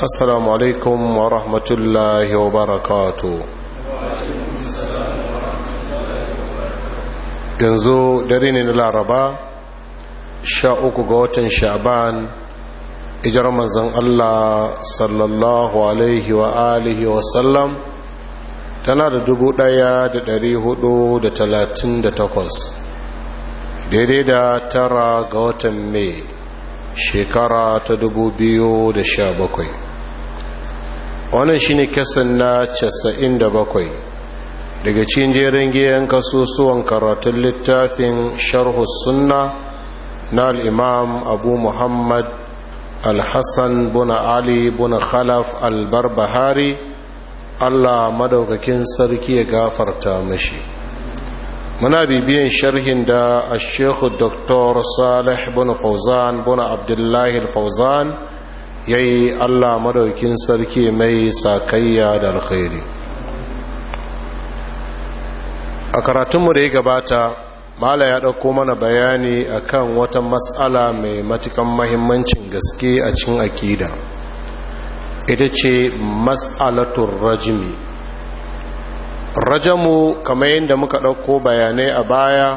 assalamu alaikum wa rahmatullahi wa barakatu yanzu dare ne na laraba sha uku ga watan shaban ijar manzan allah sallallahu alaihi wa alihi wa sallam tana da dubu daya da dari hudu da talatin da takwas daidai da tara ga watan mai shekara ta dubu biyu da sha bakwai wannan shine kasan na 97 daga cikin jerin giyan kasusuwan karatun littafin sharhu sunna na al-imam abu muhammad al-hassan bin ali bin khalaf al-barbahari Allah madaukakin sarki ya gafarta mashi muna bibiyan sharhin da al-sheikh dr salih bin fauzan bin abdullahi al-fauzan yayi Allah madaukin sarki mai sakayya da alkhairi a karatunmu da ya gabata mala ya ɗauko mana bayani akan wata matsala mai matukan mahimmancin gaske a cikin akida ita ce matsalatul rajimi rajamu kamar yadda muka ɗauko bayanai a baya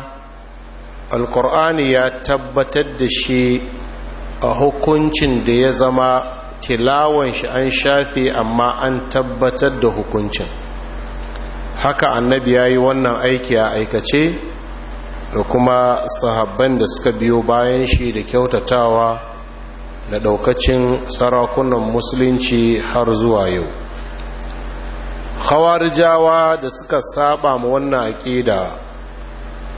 alkur'ani ya tabbatar da shi a hukuncin da ya zama tilawan shi an shafe amma an tabbatar da hukuncin haka annabi ya yi wannan aiki a aikace da kuma sahabban da suka biyo bayan shi da kyautatawa na daukacin sarakunan musulunci har zuwa yau khawarijawa da suka saba ma wannan aƙida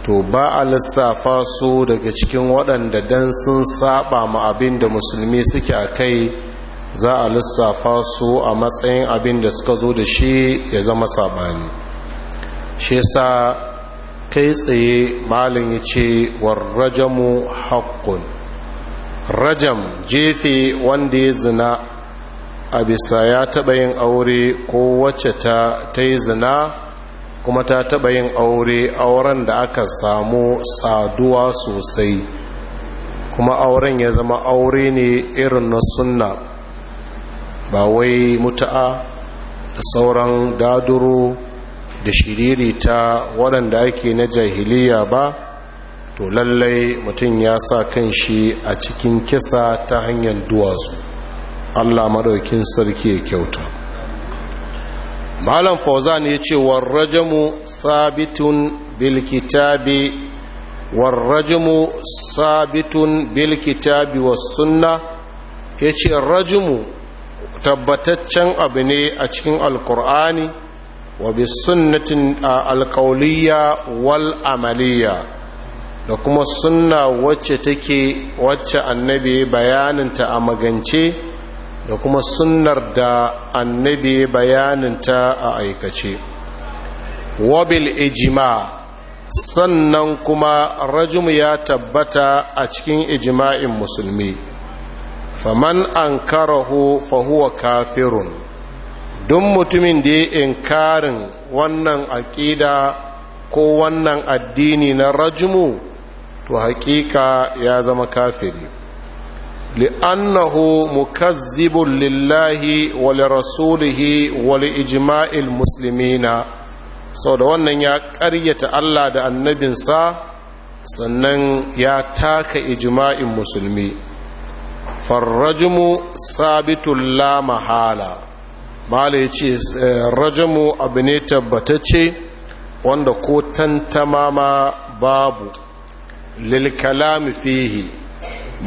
to ba a lissafa su daga cikin waɗanda dan sun saba ma abin da musulmi suke a kai za a lissafa su a matsayin abin da suka zo da shi ya zama sabani shi sa kai tsaye malin ya ce warrajamu haƙƙun rajam jefe wanda ya zina a bisa ya taɓa yin aure ko wacce ta ta yi zina kuma ta taɓa yin aure auren da aka samu saduwa sosai kuma auren ya zama aure ne irin na sunna ba wai mutu'a da sauran daduro da shiriri ta waɗanda ake na jahiliya ba to lallai mutum ya sa kan shi a cikin kisa ta hanyar duwatsu allah maɗaukin sarki ya kyauta malam fauzan ya ce warrajamu sabitun bilkitabi warrajamu sabitun bilkitabi wa sunna ya ce rajumu tabbataccen abu ne a cikin alkur'ani wa bi sunnatin alkauliya wal amaliya da kuma sunna wacce take wacce annabi bayaninta a magance da kuma sunnar da annabi bayanin ta a aikace wabil ijima sannan kuma rajum ya tabbata a cikin ijima'in musulmi faman an karahu fahuwa kafirun dun mutumin da ya inkarin wannan aƙida ko wannan addini na rajumu to haƙiƙa ya zama kafiri li'annahu mukazzibun lillahi wa li rasulihi wa li sau da wannan ya ƙaryata Allah da annabinsa sannan ya taka ijma'in musulmi farrajimu sabitun la mahala mala yace ce eh, rajamu abu ne tabbatacce wanda ko tantama ma babu lil kalami fihi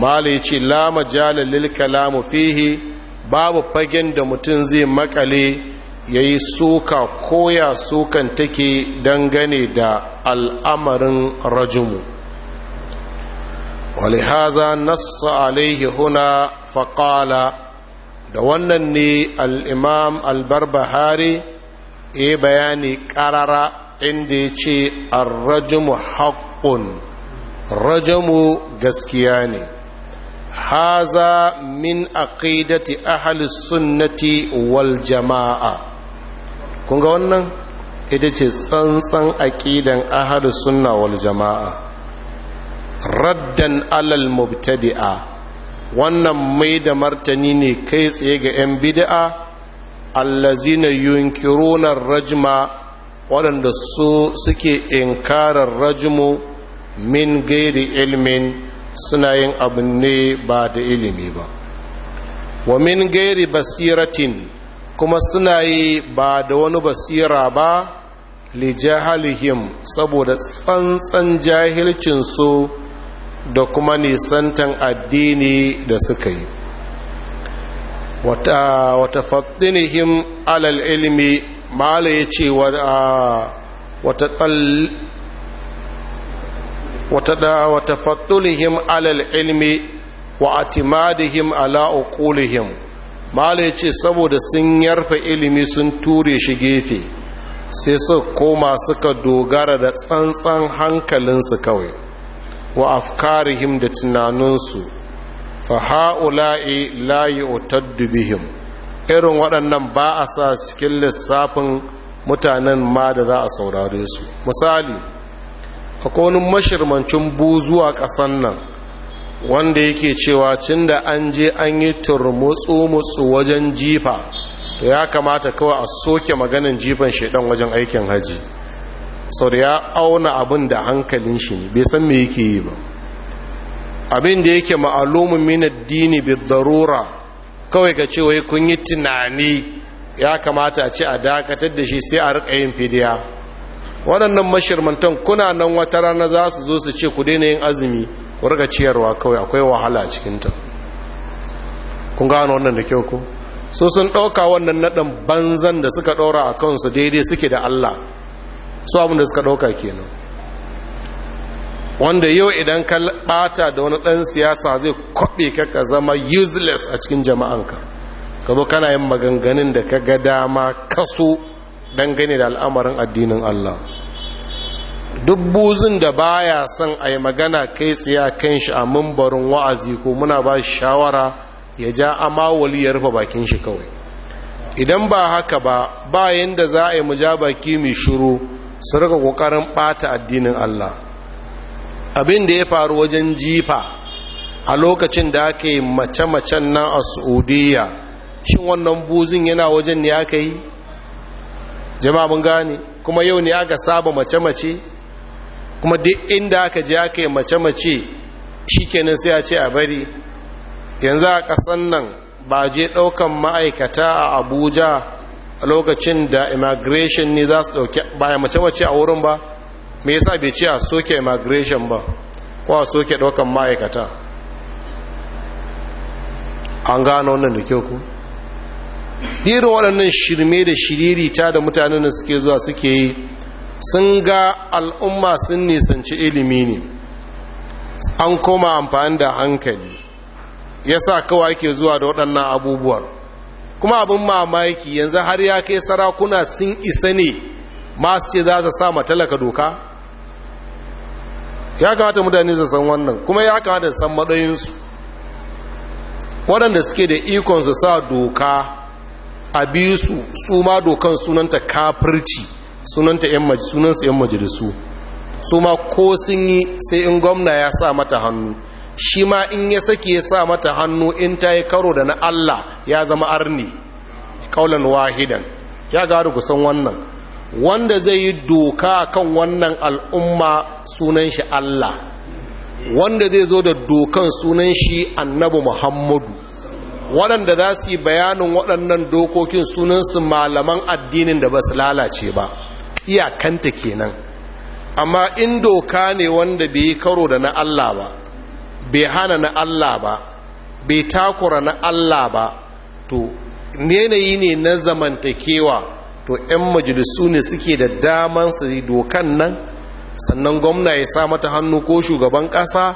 mala ce ce lama jalalil kalamu fihi babu fagen da mutum zai makale ya yi suka koya sukan take dangane da al'amarin rajumu walihaza nasu alaihi huna faƙala da wannan ne al'imam albarbahari ya bayani ƙarara inda ya ce arrajumu haƙƙun rajamu gaskiya ne haza min aqidati ahli sunnati wal jama'a kun ga wannan ita ce tsantsan aqidan ahli sunna wal jama'a raddan alal mubtadi'a wannan mai da martani ne kai tsaye ga 'yan bid'a allazina yunkiruna rajma waɗanda su suke inkarar rajmu min gairi ilmin suna yin abin ne ba da ilimi ba wa min gairi basiratin kuma suna yi ba da wani basira ba li jahalihim saboda tsantsan jahilcinsu da kuma nisantan addini da suka yi wata faɗinihim alal ilimi mala ya ce wata وتفضلهم على العلم واعتمادهم على عقولهم mala ya ce saboda sun yarfa ilimi sun ture shi gefe sai su koma suka dogara da tsantsan hankalinsu kawai wa afkarihim da tunaninsu fa ha'ula'i la bihim irin waɗannan ba a sa cikin lissafin mutanen ma da za a saurare su misali akwai wani mashirmancin buzuwa ƙasan nan wanda yake cewa cin da an je an yi turmutsu-mutsu wajen jifa to ya kamata kawai a soke maganin jifan shaidan wajen aikin haji sau da ya auna abin da hankalin shi ne bai san me yake yi ba abin da yake ma'alumin minar dini bi darura kawai ka ce wai kun yi tunani ya kamata a ce a dakatar da shi sai a riƙa yin fidiya waɗannan mashirmantan kuna nan wata rana za su zo su ce ku daina yin azumi ku ciyarwa kawai akwai wahala a cikinta kun gano wannan da kyau ko so sun ɗauka wannan naɗin banzan da suka ɗora a kansu daidai suke da allah su abin da suka ɗauka kenan wanda yau idan ka ɓata da wani ɗan siyasa zai kwaɓe ka zama useless a cikin jama'anka ka zo kana yin maganganun da ka ga dama kaso dangane da al'amarin addinin Allah duk buzun da baya son a yi magana kai tsaye kan shi a mumbarin wa'azi ko muna ba shawara ya ja amawali ya rufe bakin shi kawai idan ba haka ba bayan da za a yi mujabaki mai shuru su rika kokarin bata addinin Allah abin da ya faru wajen jifa a lokacin da aka yi mace-macen na a saudiya shin wannan buzun yana wajen ne aka yi jama'a mun gane kuma yau ne aka saba mace-mace kuma duk inda aka je aka yi mace-mace kenan sai a ce a bari yanzu a kasan nan ba je ɗaukan ma'aikata a abuja a lokacin da immigration ne za su ɗauki ba ya mace-mace a wurin ba me yasa bai ce a soke immigration ba ko a soke ɗaukan ma'aikata an gano wannan da kyau ku irin waɗannan shirme da shiririta da mutanen da suke zuwa suke yi sun ga al'umma sun nisanci ilimi ne an koma amfani da hankali ya sa kawai ke zuwa da waɗannan abubuwan kuma abin mamaki yanzu har ya kai sarakuna sun isa ne masu ce za su sa matalaka doka ya kamata mutane su san wannan kuma ya kamata su san matsayinsu waɗanda suke da ikon su sa doka habisu su ma dokan sunanta kafirci sunanta yan sunansu yan majalisu su ma ko sun yi sai in gwamna ya sa mata hannu shi ma in ya sake ya sa mata hannu in ta yi karo da na Allah ya zama arni kaulan wahidan ya gari kusan wannan wanda zai yi doka kan wannan al'umma sunan shi Allah wanda zai zo da dokan sunan shi annabi Muhammadu waɗanda za su yi bayanin waɗannan dokokin sunansu malaman addinin da ba su lalace ba iyakanta kenan amma in doka ne wanda bai yi karo da na Allah ba bai hana na Allah ba bai takura na Allah ba to yanayi ne na zamantakewa to 'yan majalisu ne suke da daman su dokan nan sannan gwamna ya sa mata hannu ko shugaban ƙasa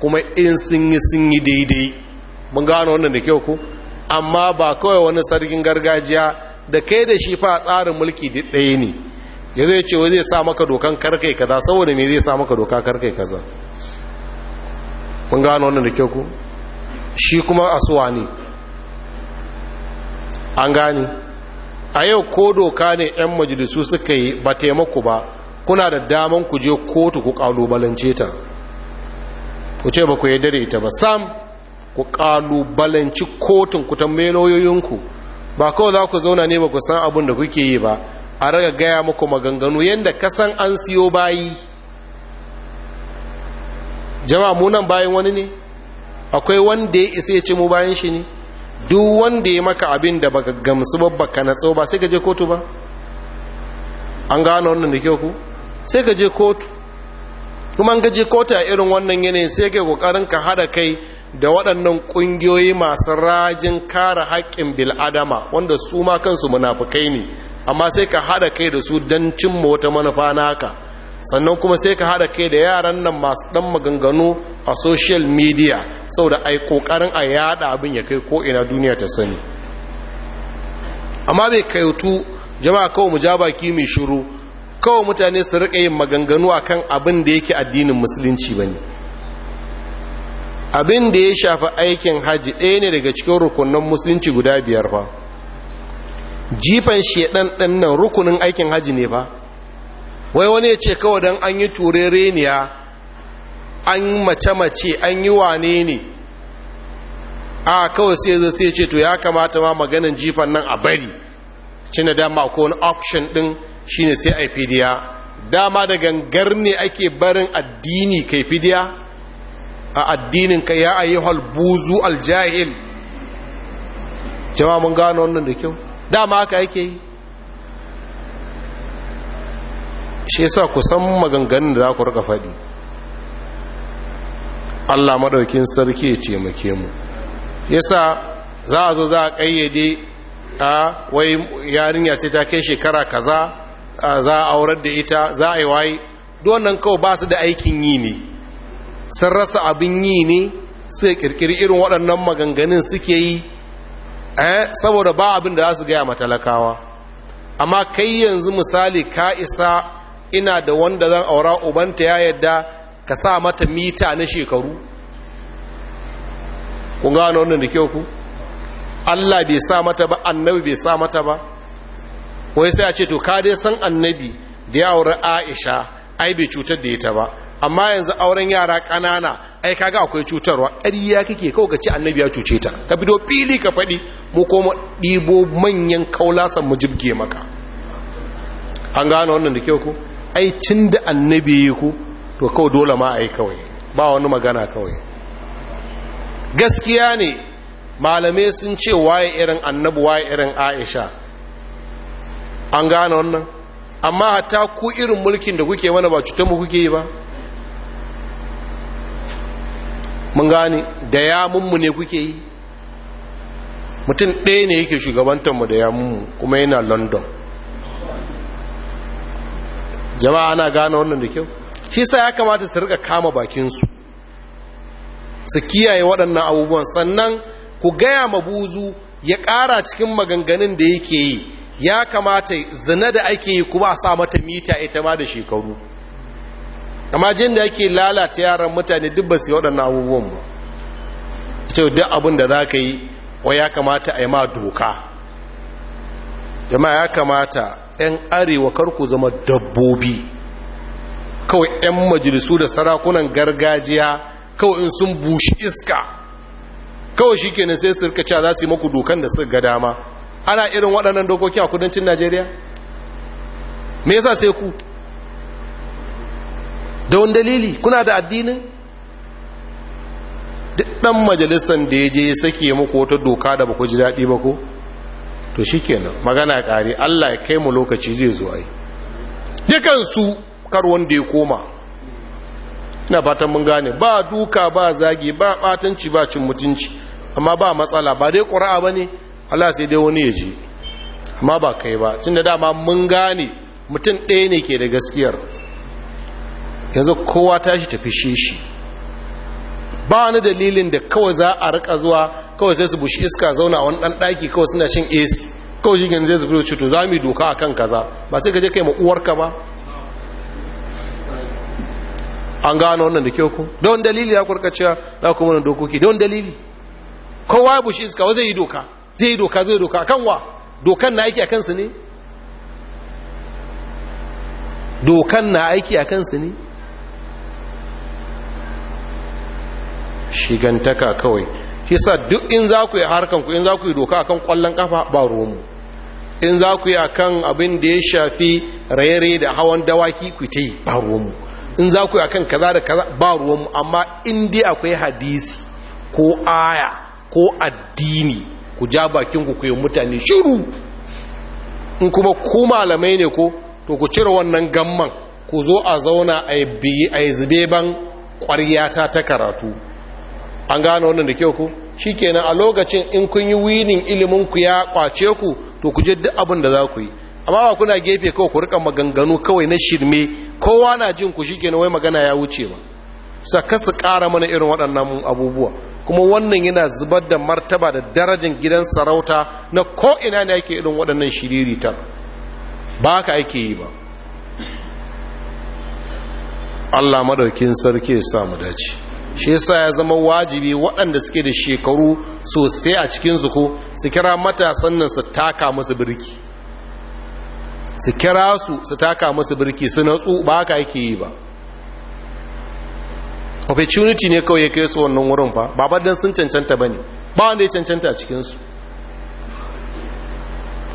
kuma in sun yi sun yi daidai mun gano wannan da kyau ku, amma ba kawai wani sarkin gargajiya da kai da shi fa tsarin mulki duk ɗaya ne ya zai ce wai zai sa maka dokan karkai kaza saboda me zai sa maka doka karkai kaza mun gano wannan da kyau ku, shi kuma asuwa ne an gane a yau ko doka ne ƴan majalisu suka yi ba taimako ba kuna da daman ku je kotu ku kalubalance ta ku ce ba ku yi dare ita ba sam ku ƙalubalanci kotun ku ta lauyoyinku ba kawai za ku zauna ne ba ku san abin da kuke yi ba a raga gaya muku maganganu yadda ka san an siyo bayi jama'a munan bayan wani ne akwai wanda ya isa ya ce mu bayan shi ne duk wanda ya maka abin da baka gamsu babba ka natso ba sai ka je kotu ba an gano wannan da kyau ku sai ka je kotu kuma an gaji kotu a irin wannan yanayin sai ka kokarin ka hada kai da waɗannan ƙungiyoyi masu rajin kare haƙƙin bil'adama wanda su ma kansu munafukai ne amma sai ka haɗa kai da su don cimma wata manufa naka sannan kuma sai ka haɗa kai da yaran nan masu ɗan maganganu a social media da ai ƙoƙarin a yaɗa abin ya kai ko ina duniya ta sani amma bai kayutu jama'a kawo mu ja baki mai shiru kawo mutane su riƙa yin maganganu akan abin da yake addinin musulunci ba ne abin da ya shafi aikin haji ɗaya ne daga cikin rukunan musulunci guda biyar ba. jifan shedan ɗan nan rukunin aikin haji ne ba. wai wani ya ce kawai don an yi turereniya an mace-mace an yi wane ne a kawai sai zai sai ce to ya kamata ma maganin jifan nan a bari cin da dama ko wani option ɗin shine sai a fidiya dama da gangar ne ake barin addini kai fidiya a addininka ya ayi buzu aljahil jama'a mun gano wannan da kyau dama aka yake yi shi yasa ku san maganganun da za ku rika faɗi Allah maɗaukin sarki ya taimake muke mu yasa za a zo za a ƙayyade a wai yarinya sai ta kai shekara kaza za a aurar da ita za a yi waye duwannan kawai ba su da aikin yi ne sun rasa abin yi ne suka kirkiri irin waɗannan maganganun suke yi eh saboda ba abin da za su gaya matalakawa amma kai yanzu misali ka isa ina da wanda zan aura ubanta ya yadda ka sa mata mita na shekaru kun gano wannan da kyau ku Allah bai sa mata ba annabi bai sa mata ba wai sai a ce to ka dai san annabi da ya aure Aisha ai bai cutar da ita ba amma yanzu auren yara ƙanana ai kaga akwai cutarwa ƙarya kake kawai ka ce annabi ya cuce ta ka bido fili ka faɗi mu koma ɗibo manyan kaulasan mu jibge maka an gano wannan da kyau ku ai cin da annabi yi ku to kawai dole ma ai kawai ba wani magana kawai gaskiya ne malamai sun ce waye irin annabi waye irin aisha an gano wannan amma hatta ku irin mulkin da kuke wani ba cutar mu kuke yi ba mun gane da mummu ne kuke yi mutum ɗaya ne yake shugabantarmu da mummu kuma yana london jama'a ana gane wannan da kyau shi sa ya kamata su rika kama bakinsu su kiyaye waɗannan abubuwan sannan ku gaya mabuzu ya ƙara cikin maganganun da yake yi ya kamata zina da ake yi kuma a sa mata mita ita ma da shekaru amma jin da yake lalata yaran mutane duk ba su yi waɗannan abubuwan ba ce duk abin da za ka yi wai ya kamata a yi ma doka jama'a ya kamata 'yan arewa karku zama dabbobi kawai 'yan majalisu da sarakunan gargajiya kawai in sun bushi iska kawai shi kenan sai su rika za su yi maku dokan da suka ga dama ana irin waɗannan dokoki a kudancin najeriya me yasa sai ku da wani dalili kuna da addinin duk ɗan majalisan da ya je ya sake muku wata doka da ba ku ji daɗi ba ko to shi kenan magana ƙari allah ya kai mu lokaci zai zo ai dukansu kar wanda ya koma ina fatan mun gane ba duka ba zagi ba batanci ba cin mutunci amma ba matsala ba dai ƙura ba ne allah sai dai wani ya ji amma ba kai ba cin da dama mun gane mutum ɗaya ne ke da gaskiyar yanzu kowa tashi tafi shi shi ba wani dalilin da kawai za a rika zuwa kawai sai su bushi iska zauna a wani ɗan ɗaki kawai suna shan ac kawai shi gani zai zubi da cuto za mu yi doka a kan kaza ba sai gaje kai ka ba an gano wannan da kyau ko. don dalili ya cewa za ku mana dokoki don dalili kowa ya bushi iska wa zai yi doka zai yi doka zai doka kan wa dokan na aiki a kansu ne dokan na aiki a kansu ne shigantaka kawai shi sa duk in za ku yi harkanku in za ku yi doka akan kwallon kafa ba romu in za ku yi akan abin da ya shafi rayere da hawan dawaki ku ta yi ba romu in za ku yi akan kaza da kaza ba romu amma in dai akwai hadisi ko aya ko addini ku ja bakin ku kuyi mutane shiru in kuma ku malamai ne ko to ku cire wannan gamman ku zo a zauna a yi zube ban ta karatu an gano wannan da kyau ku kenan a lokacin in kun yi winin ilimin ku ya kwace ku to ku je duk abin da za ku yi amma ba kuna gefe kawai ku rika maganganu kawai na shirme kowa na jin ku kenan wai magana ya wuce ba saka su kara mana irin waɗannan abubuwa kuma wannan yana zubar da martaba da darajar gidan sarauta na ko ina ne ake irin waɗannan ta ba ka ake yi ba Allah madaukin sarki ya sa mu dace shi yasa ya zama wajibi waɗanda suke da shekaru sosai a cikin zuku su kira matasan nan su taka musu birki su kira su su taka musu birki su natsu ba ka yake yi ba opportunity ne kawai ya kai su wannan wurin fa ba don sun cancanta ba ne ba wanda ya cancanta a cikinsu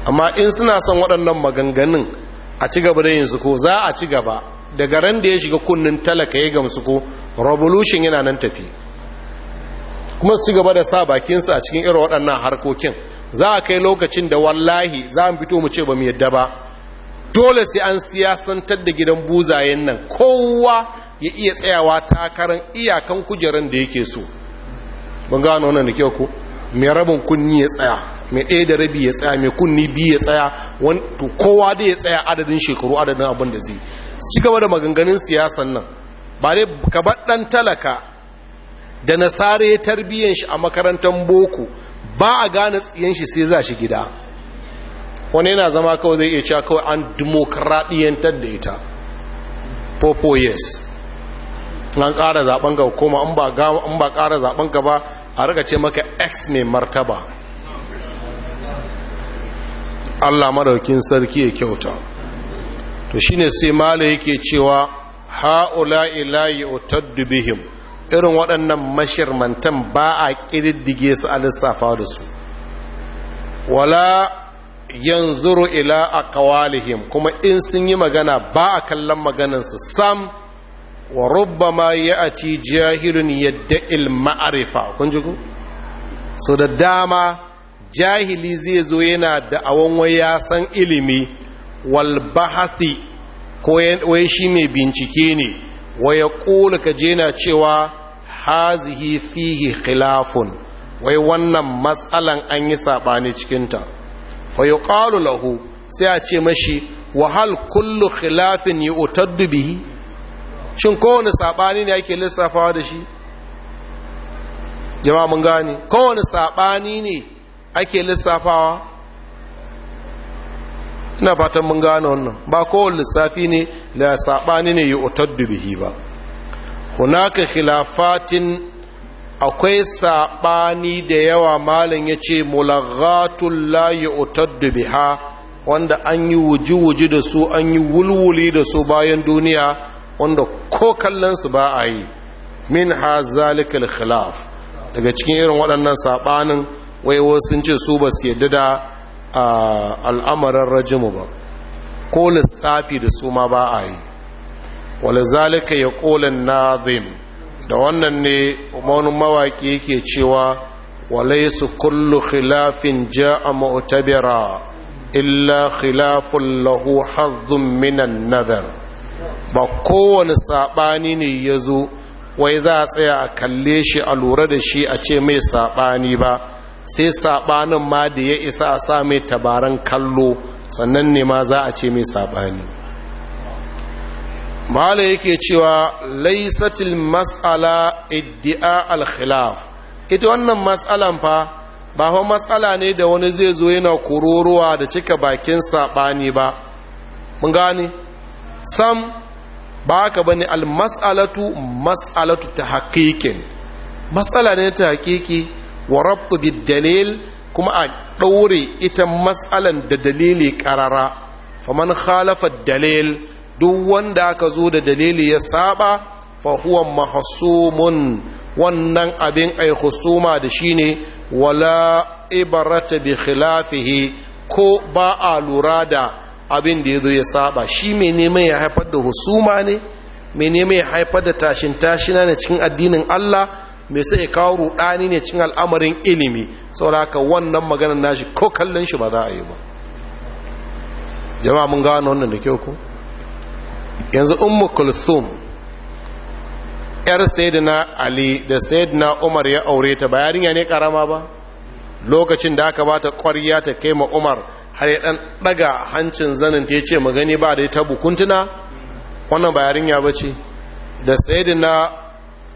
amma in suna son waɗannan maganganun a ci gaba da yin zuko za a ci gaba daga ran da ya shiga kunnin talaka ya gamsu ko revolution yana nan tafi kuma su ci gaba da sa bakinsa a cikin irin waɗannan harkokin za a kai lokacin da wallahi za mu fito mu ce ba mu yadda ba dole sai an siyasantar da gidan buzayen nan kowa ya iya tsayawa takarar iyakan kujerar da yake so ban gano nan da kyau ko mai rabin kunni ya tsaya mai ɗaya da rabi ya tsaya mai kunni biyu ya tsaya kowa da ya tsaya adadin shekaru adadin abin da zai ci gaba da maganganun siyasan nan ba dai ka ɗan talaka da nasare tarbiyyan shi a makarantar boko ba a gane tsiyan shi sai za shi gida wani yana zama kawai zai iya cewa kawai an dimokuraɗiyantar da ita popo an ƙara zaɓen ga hukuma an ba ƙara zaɓen ga ba a raga ce maka x mai martaba Allah maraukin sarki ya kyauta to shi ne sai mala yake cewa haula ilayi utaddu bihim irin waɗannan mashirmantan ba a ƙiriddige su a lissafa da su wala yanzuru ila kawalihim kuma in sun yi magana ba a kallon maganansu sam wa rubbama ya'ti jahilun yadda'il ma'arifa kun ji ku so da dama jahili zai zo yana da awon waya san ilimi wal bahathi ko wai shi mai bincike ne wa yaqulu ka je na cewa hazihi fihi khilafun wai wannan matsalan an yi sabani cikin ta fa yuqalu lahu sai a ce mashi wahal hal kullu khilafin yu'taddu bihi shin kowane saɓani ne ake lissafawa da shi jama'a mun gane kowane saɓani ne ake lissafawa ina fatan mun gane wannan ba kowane lissafi ne da saɓani ne yi otaddu bihi ba hunaka khilafatin akwai saɓani da yawa malin ya ce mulaghatun la yi otaddu biha wanda an yi wuji-wuji da su an yi wulwuli da su bayan duniya wanda ko kallonsu ba a yi min ha zalikal khilaf daga cikin irin waɗannan saɓanin waiwa sun ce su ba su yadda da al'amarin rajimu ba ko lissafi da su ma ba a yi wale zalika ya ƙolin nazim da wannan ne wani mawaƙi yake cewa wale su kullu khilafin a ma'utabira illa khilafun lahu hazzun minan nazar ba kowane saɓani ne ya zo wai za a tsaya a kalle shi a lura da shi a ce mai saɓani ba sai saɓanin ma da ya isa a sa mai tabaran kallo sannan ne ma za a ce mai saɓani mahala yake cewa laisatil matsala iddia alkhilaf ita wannan matsalan fa ba fa matsala ne da wani zai zo yana kururuwa da cika bakin saɓani ba mun gane sam ba haka ne almas'alatu mas'alatu ta haƙiƙin matsala ne ta haƙiƙi wa rabtu dalil kuma a ɗaure ita mas'alan da dalili ƙarara faman khalafa dalil duk wanda aka zo da dalili ya saba fa huwa mahsumun wannan abin ai husuma da shine wala ibarata bi khilafihi ko ba a lura da abin da ya zo ya saba shi mai neman ya haifar da husuma ne mai neman ya haifar da tashin tashina ne cikin addinin Allah mai sai ya kawo rudani ne cikin al'amarin ilimi saboda aka wannan maganar nashi ko kallon shi ba za a yi ba jama'a mun gano wannan da kyau ko yanzu ummu kulthum yar sayyidina ali da sayyidina umar ya aure ta ba yarinya ne karama ba lokacin da aka bata kwarya ta kai ma umar har ya dan daga hancin zanin ta yace magani ba da ta bukuntuna wannan ba yarinya bace da sayyidina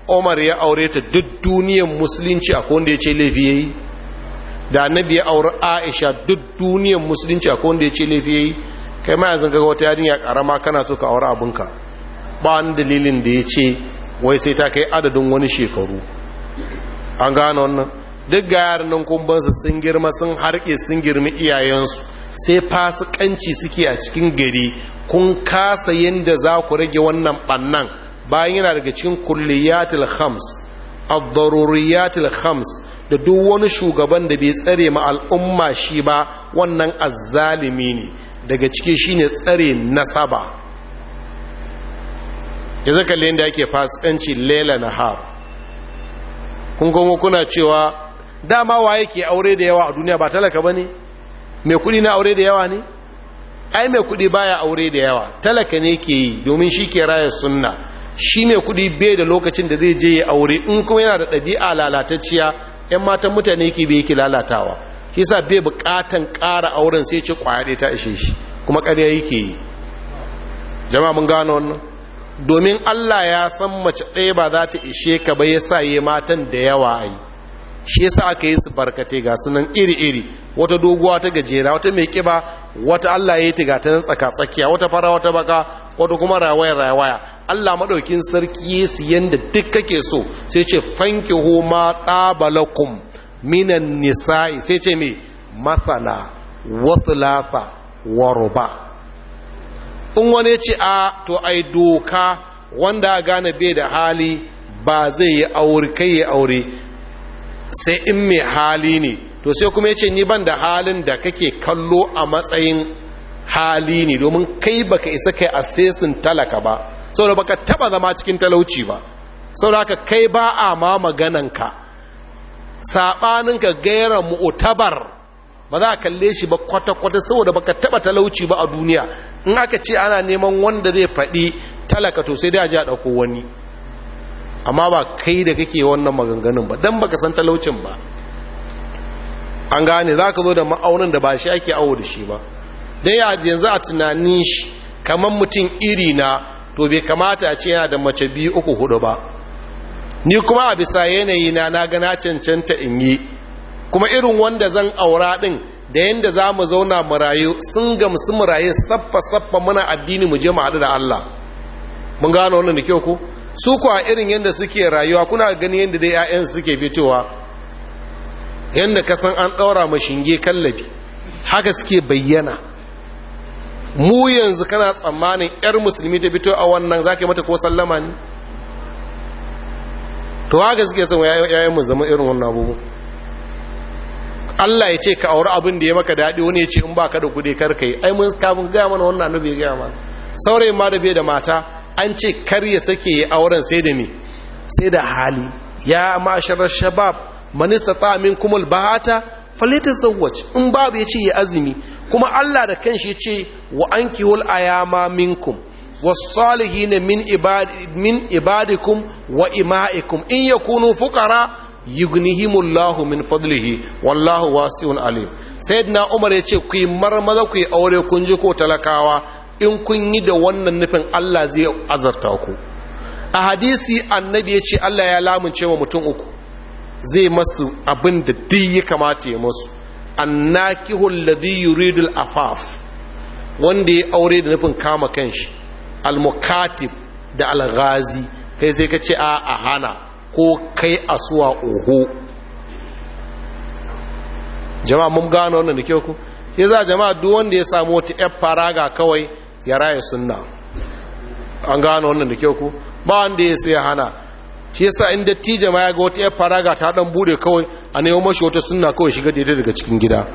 Umar ya aure ta duk duniyar musulunci akwai wanda yace laifi yayi da annabi ya aure Aisha duk duniyar musulunci akwai wanda yace laifi yayi kai ma yanzu kaga wata yarinya karama kana so ka aure abinka ba wani dalilin da yace wai sai ta kai adadin wani shekaru an gane wannan duk ga yaran nan kumbansu sun girma sun harke sun girmi iyayensu sai fasikanci suke a cikin gari kun kasa yadda za ku rage wannan bannan bayan yana daga cikin kulliyatul khams ad-daruriyatul khams da duk wani shugaban da bai tsare ma al'umma shi ba wannan azzalimi ne daga ciki shine tsare nasaba ya zaka yadda ake fasikanci lela na kun gomo kuna cewa dama waye ke aure da yawa a duniya ba talaka ba ne mai kuɗi na aure da yawa ne ai mai kuɗi baya aure da yawa talaka ne ke yi domin shi ke raya sunna shi mai kuɗi bai da lokacin da zai je ya aure in kuma yana da ɗabi'a lalatacciya yan matan mutane ke be yake lalatawa shi sa bai bukatan ƙara auren sai ce ƙwaya ta ishe shi kuma ƙarya yake yi jama'a mun gano wannan domin Allah ya san mace ɗaya ba za ta ishe ka ba ya sa yi matan da yawa ai shi yasa aka yi su barkate ga sunan iri-iri wata doguwa ta gajera wata mai kiba wata Allah ya yi ta gata tsaka tsakiya wata fara wata baka wata kuma rawaya rawaya Allah maɗaukin sarki ya su yanda duk kake so sai ce fanki homa tabalakum minan nisa'i sai ce me masana wa lafa ba. in wani ce a to ai doka wanda gane bai da hali ba zai yi aure kai ya aure sai in mai hali ne to sai kuma ya ce ni ban da halin da kake kallo a matsayin hali ne domin kai baka isa kai asesin talaka ba saboda baka taba zama cikin talauci ba saboda haka kai ba a ma magananka saɓaninka gaira mu'tabar ba za a kalle shi ba kwata-kwata saboda baka taba talauci ba a duniya in aka ce ana neman wanda zai faɗi talaka to sai da a ji a ɗauko wani amma ba kai da kake wannan maganganun ba dan baka san talaucin ba an gane za ka zo da ma'aunin da ba shi ake awo da shi ba Don ya yanzu a tunanin shi kamar mutum iri na to bai kamata a ce yana da mace biyu uku hudu ba ni kuma a bisa yanayi na na gana cancanta in yi kuma irin wanda zan aura din da yadda za mu zauna marayu sun gamsu marayu saffa saffa muna addini mu je mu haɗu da Allah mun gano wannan da kyau ko su kuwa irin yadda suke rayuwa kuna gani yadda dai 'ya'yan suke fitowa yadda kasan an ɗaura mashinge kallabi haka suke bayyana mu yanzu kana tsammanin 'yar musulmi ta fito a wannan za ka yi mata ko sallama ne to haka suke son yayan mu zama irin wannan abubu Allah ya ce ka auri abin da ya maka daɗi wani ya ce in ba ka da kuɗi kar ka yi ai mun kafin gaya mana wannan annabi ya gaya mana saurayin ma da bai da mata an ce kar ya sake auren sai da mi sai da hali ya ma'asharar shabab man istata minkum albahata sauwac in babu ya ce ya azumi kuma Allah da kanshi ce wa ankihul ayama minkum was-salihin min min ibadikum wa ima'ikum in yakunu fuqara yughnihimullahu min fadlihi wallahu wasi'un alim sayyidina umar ya ce ku yi marmaza ku yi aure kun ji ko talakawa in kun yi da wannan nufin Allah zai azarta ku a hadisi annabi ya ce Allah ya lamunce wa mutum uku zai masu abin da duk ya kamata ya masu annakihul ladhi yuridul afaf wanda ya aure da nufin kama kan kanshi almukatib da alghazi kai sai ka ce a a hana ko kai asuwa oho jama'a mun gano wannan da kyau ku sai za jama'a duk wanda ya samu wata yar faraga kawai ya raya sunna an gano wannan da kyau ku ba wanda ya sai hana shi yasa in dattijo ma ya ga wata yar faraga ta dan bude kawai a nemo mashi wata sunna kawai shiga daidai daga cikin gida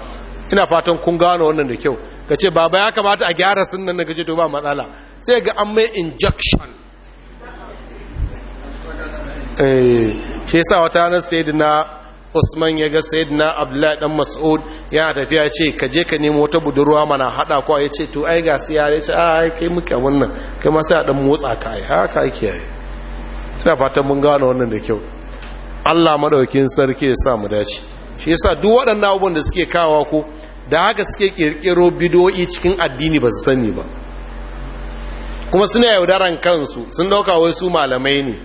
ina fatan kun gano wannan da kyau ka ce baba ya kamata a gyara sunnan na gaje to ba matsala sai ga an mai injection eh shi yasa wata nan sayyidina usman ya ga na abdullahi dan mas'ud ya tafiya ce ka je ka nemo wata budurwa mana hada ko ya ce to ai ga siya ya ce ah, ai kai muke wannan kai ma sai a dan motsa kai haka yake yi ina fatan mun gano wannan da kyau Allah madaukin sarki ya sa mu dace shi yasa duk waɗannan abubuwan da suke kawo ko da haka suke kirkiro bidoyi cikin addini ba su sani ba kuma suna yaudaran kansu sun dauka wai su malamai ne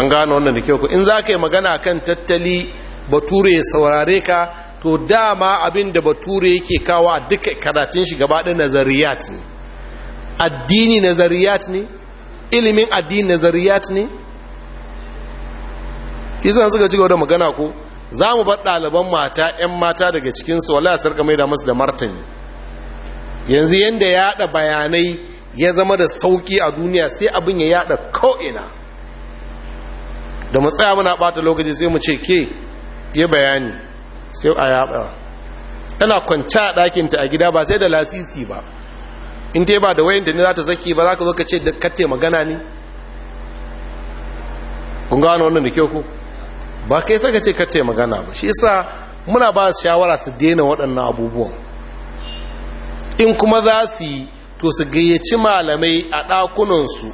an gano wannan da kyau ku. in za ka yi magana kan tattali bature ya saurare ka to dama abin da bature yake kawo a duka karatun shi gaba ɗin nazariyat ne addini nazariyat ne ilimin addini nazariyat ne isan suka ci da magana ko za mu bar ɗaliban mata 'yan mata daga cikinsu wala a sarka mai da masu da martani yanzu yadda ya yaɗa bayanai ya zama da sauƙi a duniya sai abin ya yaɗa ko'ina da mu tsaya muna bata lokaci sai mu ce ke ya bayani sai a yaba tana kwanci a ɗakinta a gida ba sai da lasisi ba in dai ba da wayan da ni za ta zaki ba za ka zo ka ce da katte magana ne kun gano wannan da kyau ku ba kai ka ce katte magana ba shi yasa muna ba su shawara su daina waɗannan abubuwan in kuma za su yi to su gayyaci malamai a ɗakunansu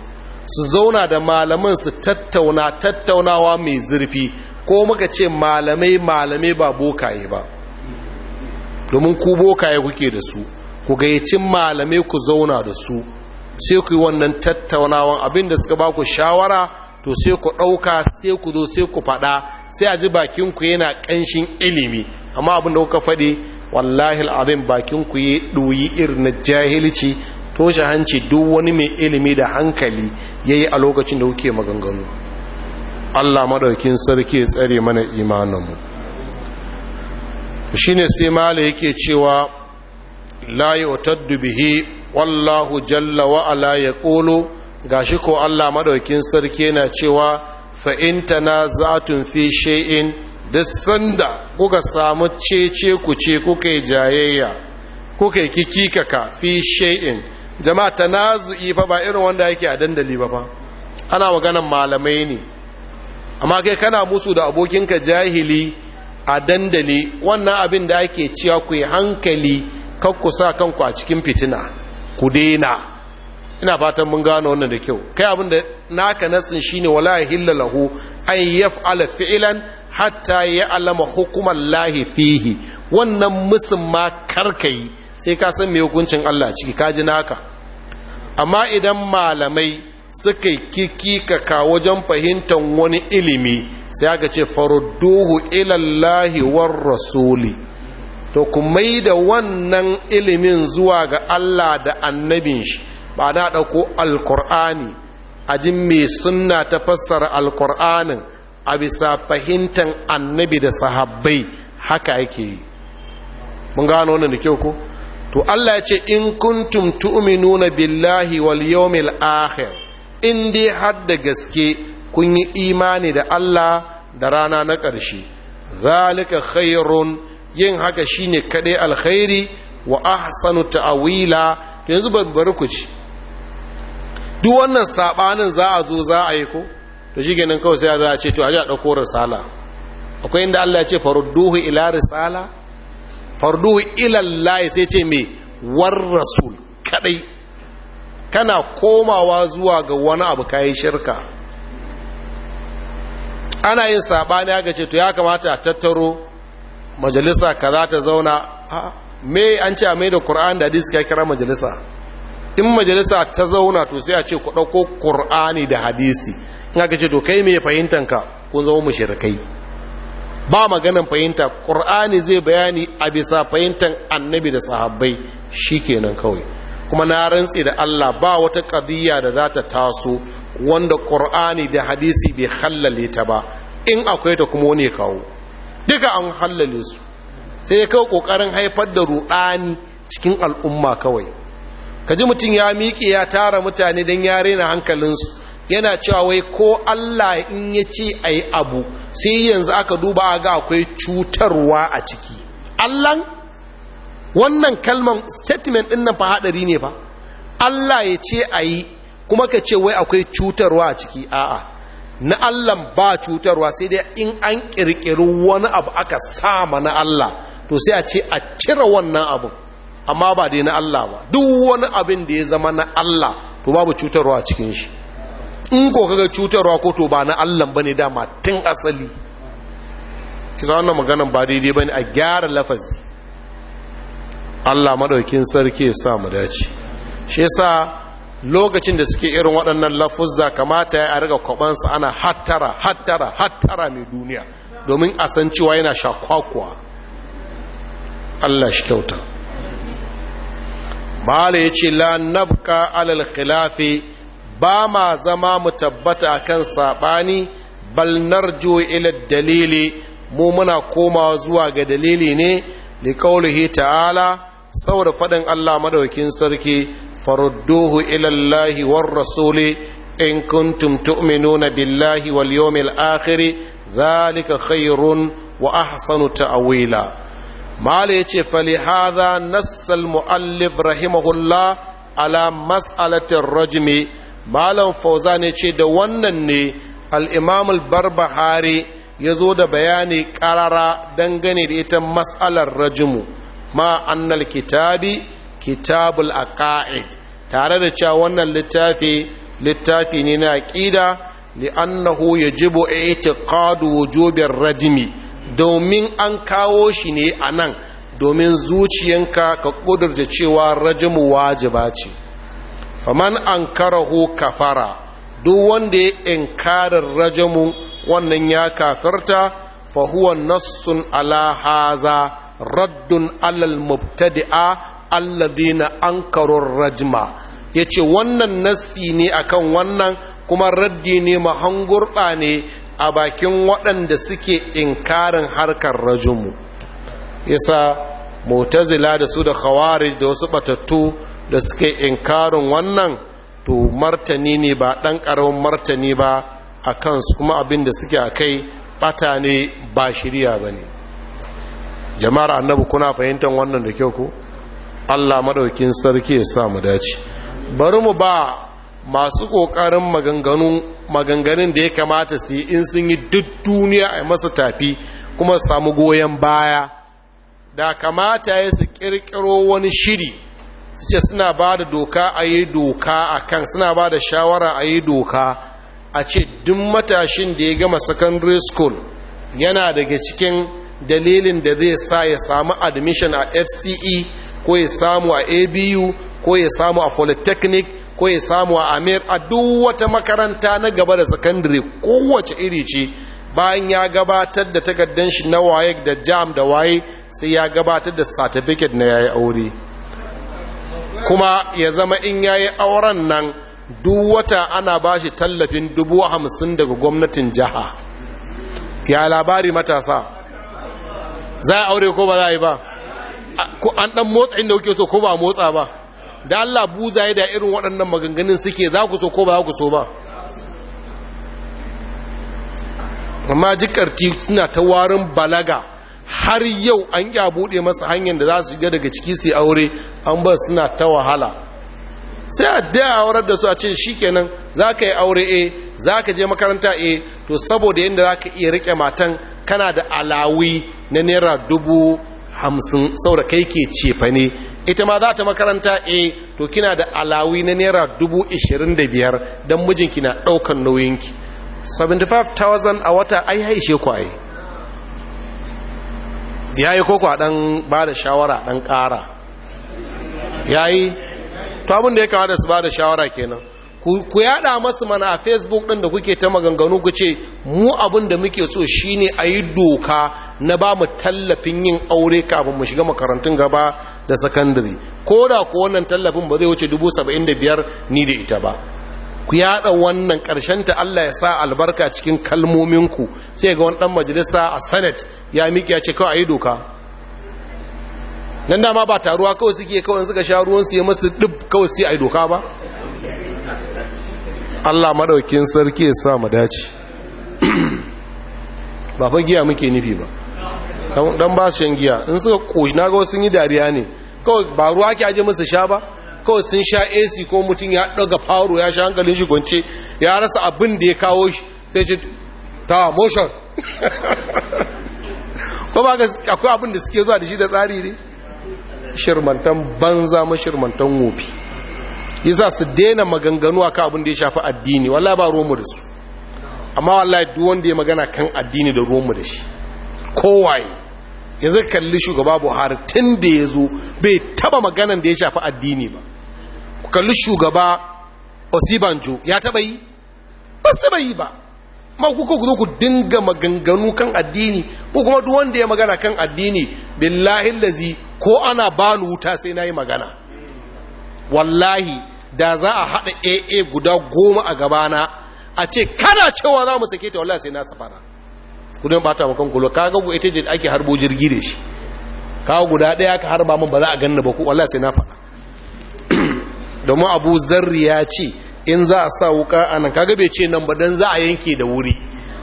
su zauna da malamin su tattauna tattaunawa mai zurfi ko muka ce malamai malamai ba bokaye ba domin ku bokaye kuke da su ku gayyacin malamai ku zauna da su sai ku yi wannan tattaunawan abinda suka ba ku shawara to sai ku ɗauka sai ku zo sai ku faɗa sai a ji bakinku yana ƙanshin ilimi amma abinda kuka faɗi wallahi al'abin bakinku ya ɗoyi irin na jahilci toshe hanci duk wani mai ilimi da hankali ya yi a lokacin da kuke maganganu Allah maɗaukin sarki ya tsare mana imaninmu shine sai mala yake cewa layi yutaddu bihi wallahu jalla ya ƙolo. Ga shi ko Allah maɗaukin sarki yana cewa fa in tun fi sha'in, duk sanda kuka samu cece ku ce kuka jayayya kuka yi kikikaka fi sha'in. jama'a tanazu'i fa ba irin wanda yake a dandali ba fa ana maganan malamai ne amma kai kana musu da abokinka jahili a dandali wannan abin da ake cewa ku yi hankali kan ku sa kanku a cikin fitina ku daina ina fatan mun gano wannan da kyau kai abin da naka nasin shine wala hilla lahu an yaf'ala fi'lan hatta ya'lama hukuman lahi fihi wannan musun ma karkai sai ka san mai hukuncin Allah ciki kaji naka amma idan malamai suka kiki ka wajen fahimtar wani ilimi sai aka ce farudduhu ilallahi war rasuli to ku mai da wannan ilimin zuwa ga Allah da annabin shi ba na ɗauko alkur'ani a jin mai sunna ta fassara alkur'anin a bisa fahimtar annabi da sahabbai haka yake yi mun gano wannan da kyau ko to Allah ya ce in kuntum tu'minuna billahi wal yawmil akhir in dai har da gaske kun yi imani da Allah da rana na ƙarshe zalika khairun yin haka shine kadai alkhairi wa ahsanu ta'wila to yanzu ban bari ku ci duk wannan sabanin za a zo za a yi ko to shi kenan kawai sai a ce to a ji a ɗauko risala akwai inda Allah ya ce farudduhu ila risala fardu ilallahi sai ce mai war rasul kadai kana komawa zuwa ga wani abu kayi shirka ana yin sabani aka ce to ya kamata a tattaro majalisa kaza ta zauna me an ce a mai da Qur'an da hadisi ka kira majalisa in majalisa ta zauna to sai a ce ku ɗauko Qur'ani da hadisi in aka ce to kai me fahimtanka kun zama mushrikai ba maganan fahimta ƙur'ani zai bayani a bisa fahimtar annabi da sahabbai shi kenan kawai kuma na rantse da Allah ba wata ƙadiyya da za ta taso wanda ƙur'ani da hadisi bai hallale ta ba in akwai ta kuma wani kawo duka an hallale su sai kawai ƙoƙarin haifar da ruɗani cikin al'umma kawai kaji mutum ya miƙe ya tara mutane don ya rena hankalinsu yana cewa wai ko Allah in ya ce a abu sai yanzu aka duba ga akwai cutarwa a ciki Allah wannan kalman statement ɗin nan fa haɗari ne fa Allah ya ce a yi kuma ka ce wai akwai cutarwa a ciki a'a na Allah ba cutarwa sai dai in an ƙirƙiri wani abu aka sama na Allah to sai a ce a cire wannan abu amma ba dai na Allah ba duk wani abin da ya zama na Allah to babu cutarwa a cikin shi in ko kaga cutarwa ko to ba na allan bane dama tun asali kisa wannan maganan ba daidai bane a gyara lafazi allah maɗaukin sarki ya sa mu dace shi yasa lokacin da suke irin waɗannan lafuzza kamata ya riga kwabansa ana hattara hattara hattara mai duniya domin a san cewa yana shakwakwa Allah shi kyauta da ya ce la nabka alal khilafi ba ma zama mu tabbata akan saɓani bal narjo ila dalili mu muna komawa zuwa ga dalili ne li kaulihi ta'ala saboda faɗin Allah madaukin sarki farudduhu ila Allah war rasuli in kuntum tu'minuna billahi wal yawmil akhir zalika khairun wa ahsanu ta'wila mala yace fali hadha nassal muallif rahimahullah ala mas'alatir rajmi malam fauza ne ce da wannan ne al'imamul barbahari ya zo da bayani ƙarara dangane da ita matsalar rajimu ma annal kitabi kitabul aqaid tare da cewa wannan littafi littafi ne na aqida li'annahu yajibu i'tiqadu wujubir rajimi domin an kawo shi ne anan domin zuciyanka ka kudurta cewa rajimu wajiba ce faman an karahu kafara duk wanda ya inkarar rajamu wannan ya kafirta fahuwa nassun ala haza raddun alal mubtadi'a alladina ankarun rajma ya ce wannan nassi ne akan wannan kuma raddi ne mahangurɓa ne a bakin waɗanda suke inkarin harkar rajumu yasa mutazila da su da khawarij da wasu batattu da suke inkarin wannan to martani ne ba ɗan ƙaramin martani ba a kansu kuma abin da suke a kai ɓata ne ba shirya ba ne jama'ar annabi kuna fahimtar wannan da kyau ko allah maɗaukin sarki ya sa mu dace bari mu ba masu ƙoƙarin maganganun da ya kamata su yi in sun yi duk duniya a masa tafi kuma samu goyon baya da kamata ya su ƙirƙiro wani shiri su ce suna ba da doka a yi doka a kan suna ba da shawara a yi doka a ce duk matashin da ya gama secondary school yana daga cikin dalilin da zai sa ya samu admission a fce ko ya samu a abu ko ya samu a polytechnic ko ya samu a amir a duk wata makaranta na gaba da secondary kowace iri ce bayan ya gabatar da takardar shi na waye da jam da waye sai ya gabatar da certificate na yayi aure kuma ya zama in ya yi auren nan duk wata ana bashi tallafin dubu hamsin daga gwamnatin jiha ya labari matasa za a aure ko ba za a yi ba an dan motsa inda kuke so ko ba motsa ba da Allah buzaye da irin waɗannan maganganun suke za ku so ko ba za ku so ba amma jikarti suna ta warin balaga har yau an ya buɗe masa hanyar da za su shiga daga ciki su aure an ba suna ta wahala sai a a aurar da su a ce shi kenan za ka yi aure a eh, za ka je makaranta a eh, to saboda yadda za ka iya riƙe matan kana da alawi na naira dubu hamsin da kai ke cefa ne ita ma za ta makaranta a eh, to kina da alawi na naira dubu ishirin da biyar don mijinki na ɗaukan nauyinki 75,000 a wata ai haishe kwaye ya yi koko a ɗan ba da shawara ɗan ƙara ya yi to abin da ya kawo da su ba da shawara kenan ku yada masu mana a facebook ɗin da kuke ta maganganu ku ce mu abin da muke so shine a yi doka na ba mu tallafin yin aure kafin mu shiga makarantun gaba da sakandare ko da ku wannan tallafin ba zai wuce biyar ni da ita ba ku yada wannan ƙarshen ta Allah ya sa albarka cikin kalmominku sai ga wani majalisa a senate ya miƙe ya ce kawai ayi doka nan dama ba taruwa kawai suke kawai suka sha ruwan su ya masu dub kawai sai ayi doka ba Allah madaukin sarki ya sa mu dace ba fa giya muke nufi ba dan ba shan giya in suka koshi na ga sun yi dariya ne kawai ba ruwa ke aje musu sha ba kawai sun sha ac ko mutum ya daga faro ya sha hankalin shi gwance ya rasa abin da ya kawo shi sai ce ta motion ko ba akwai abin da suke zuwa da shi da tsari ne shirmantan banza shirmantan wofi za su daina maganganu akan abin da ya shafi addini wallahi ba romu da su amma wallahi duk wanda ya magana kan addini da romu da shi kowaye yanzu kalli shugaba buhari tun da ya zo bai taba maganan da ya shafi addini ba ku kalli shugaba osibanjo ya taba yi ba su yi ba ma kuka ku zo ku dinga maganganu kan addini ko kuma duk wanda ya magana kan addini billahi lazi ko ana bani wuta sai na yi magana wallahi da za a haɗa aa guda goma a gabana a ce kana cewa za mu sake ta wallahi sai na safara kudin bata wa kulo ka ga ku ita ce ake harbo jirgi da shi kawo guda ɗaya ka harba min ba za a ganna ba ku wallahi sai na faɗa domin abu zarri ya ce in za a sa wuka a nan kaga bai ce nan ba don za a yanke da wuri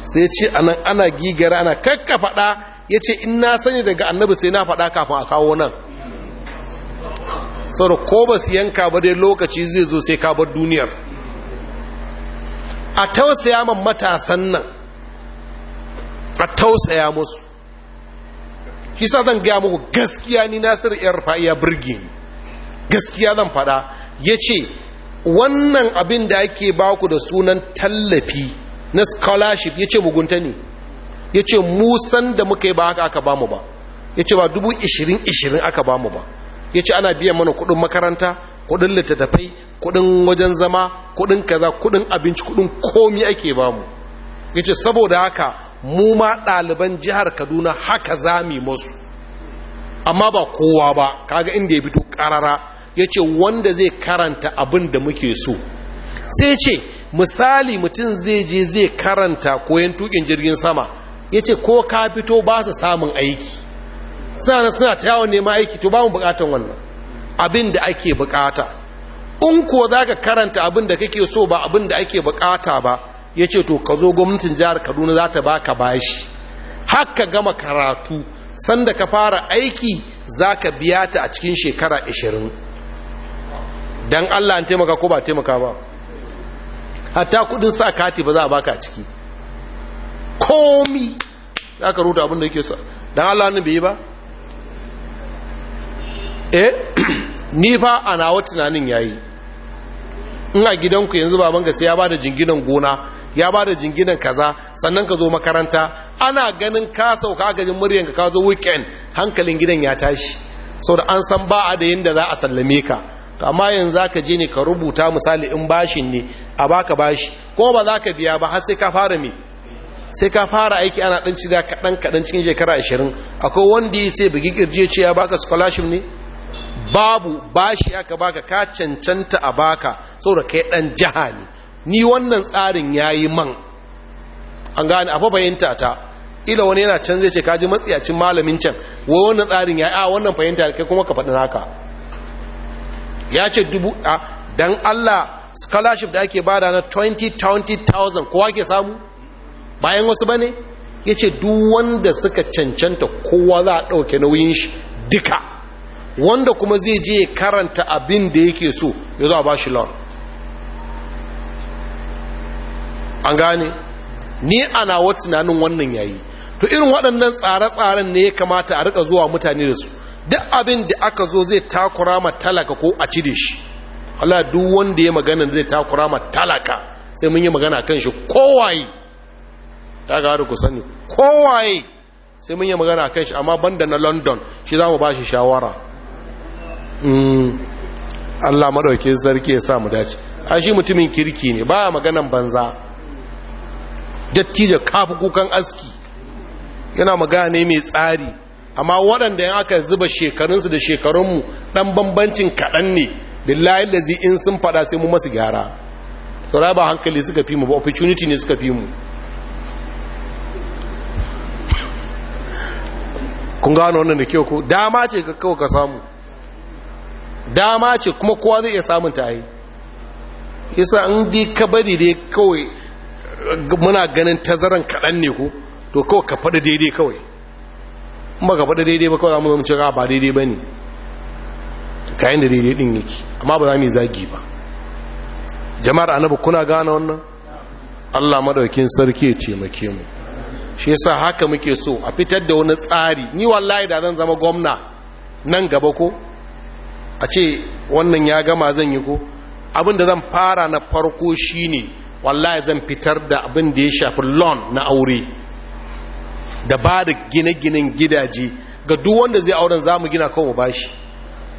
sai ce a nan ana gigara ana kakka faɗa ya ce in na sani daga annabi sai na fada kafin a kawo nan sau da ko ba su yanka ba dai lokaci zai zo sai ka bar duniyar a tausaya man matasan nan a tausaya musu shi zan gaya muku gaskiya ni nasir yar fa'iya birge gaskiya zan fada ya ce wannan abin da ake baku da sunan tallafi na scholarship ya ce mugunta ne ya ce musan da muka yi ba haka aka bamu ba ya ce ba dubu ishirin ishirin aka bamu ba ya ce ana biyan mana kudin makaranta kudin littattafai kudin wajen zama kudin kaza kudin abinci kudin komi ake bamu ya ce saboda haka mu ma ɗaliban jihar kaduna haka za mu yi masu amma ba kowa ba kaga inda ya fito ƙarara ya ce wanda zai karanta abin da muke so sai ce misali mutum zai je zai karanta koyon tukin jirgin sama ya ce ko ka fito ba su samun aiki suna suna ta yawon nema aiki to ba mu bukatan wannan abin da ake bukata in ko za ka karanta abin da kake so ba abin da ake bukata ba ya ce to ka zo gwamnatin jihar kaduna za ta baka bashi haka gama karatu sanda ka fara aiki za ka biya ta a cikin shekara 20 dan Allah an taimaka ko ba taimaka ba hatta kudin sa kati ba za a baka a ciki komi za ka rubuta abin da yake sa dan Allah nan bai ba eh ni ba a nawa tunanin yayi in a gidanku yanzu babanka sai ya bada jinginan gona ya ba da jinginan kaza sannan ka zo makaranta ana ganin ka sauka agajin muryan ka zo weekend hankalin gidan ya tashi sau da an san ba a da yin da za a sallame ka to amma yanzu zaka je ne ka rubuta misali in bashin ne a baka bashi ko ba za ka biya ba har sai ka fara me sai ka fara aiki ana dan cida kaɗan kadan cikin shekara ashirin akwai wanda ya sai bugi kirje ce ya baka scholarship ne babu bashi aka baka ka cancanta a baka saboda kai dan jiha ne ni wannan tsarin yayi man an gane a fahimta ta ila wani yana can zai ce kaji matsiyacin malamin can wai wannan tsarin yayi a wannan fahimta kai kuma ka faɗi haka ya ce dubu a don allah scholarship da ake bada na 20,000 kowa ke samu bayan wasu ba ne ya ce duk wanda suka cancanta kowa za a ɗauke nauyin shi duka wanda kuma zai je karanta abin da yake so ya zo a ba shi loan an gane ni ana wata tunanin wannan yayi to irin waɗannan tsare-tsaren ne ya kamata a rika zuwa mutane da su duk abin da aka zo zai takura ma talaka ko a cire shi Allah duk wanda ya magana zai takura ma talaka sai mun yi magana kan shi kowaye ta ga ku sani kowaye sai mun yi magana kan shi amma banda na London shi za mu ba shi shawara hmm. Allah madauke sarki ya sa mu dace a shi mutumin kirki ne ba maganan banza dattijo kafi kukan aski yana magana ne mai tsari amma waɗanda yan aka zuba shekarunsu da shekarunmu ɗan bambancin kaɗan ne billahi zai in sun faɗa sai mu masu gyara to ba hankali suka fi mu ba opportunity ne suka fi mu kun gano wannan da kyau ko dama ce ka kawai ka samu dama ce kuma kowa zai iya samun ta yi isa in dai ka bari dai kawai muna ganin tazaran kaɗan ne ko to kawai ka faɗi daidai kawai maka faɗa daidai ba kawai za mu zama cewa ba daidai ba ne kayan da daidai ɗin yake amma ba za mu yi zagi ba jama'ar annabi kuna gane wannan allah madaukin sarki ya taimake mu shi yasa haka muke so a fitar da wani tsari ni wallahi da zan zama gwamna nan gaba ko a ce wannan ya gama zan yi ko abin da zan fara na farko shine wallahi zan fitar da abin da ya shafi lon na aure da ba da gine-ginen gidaje ga duk wanda zai auren za mu gina kawo bashi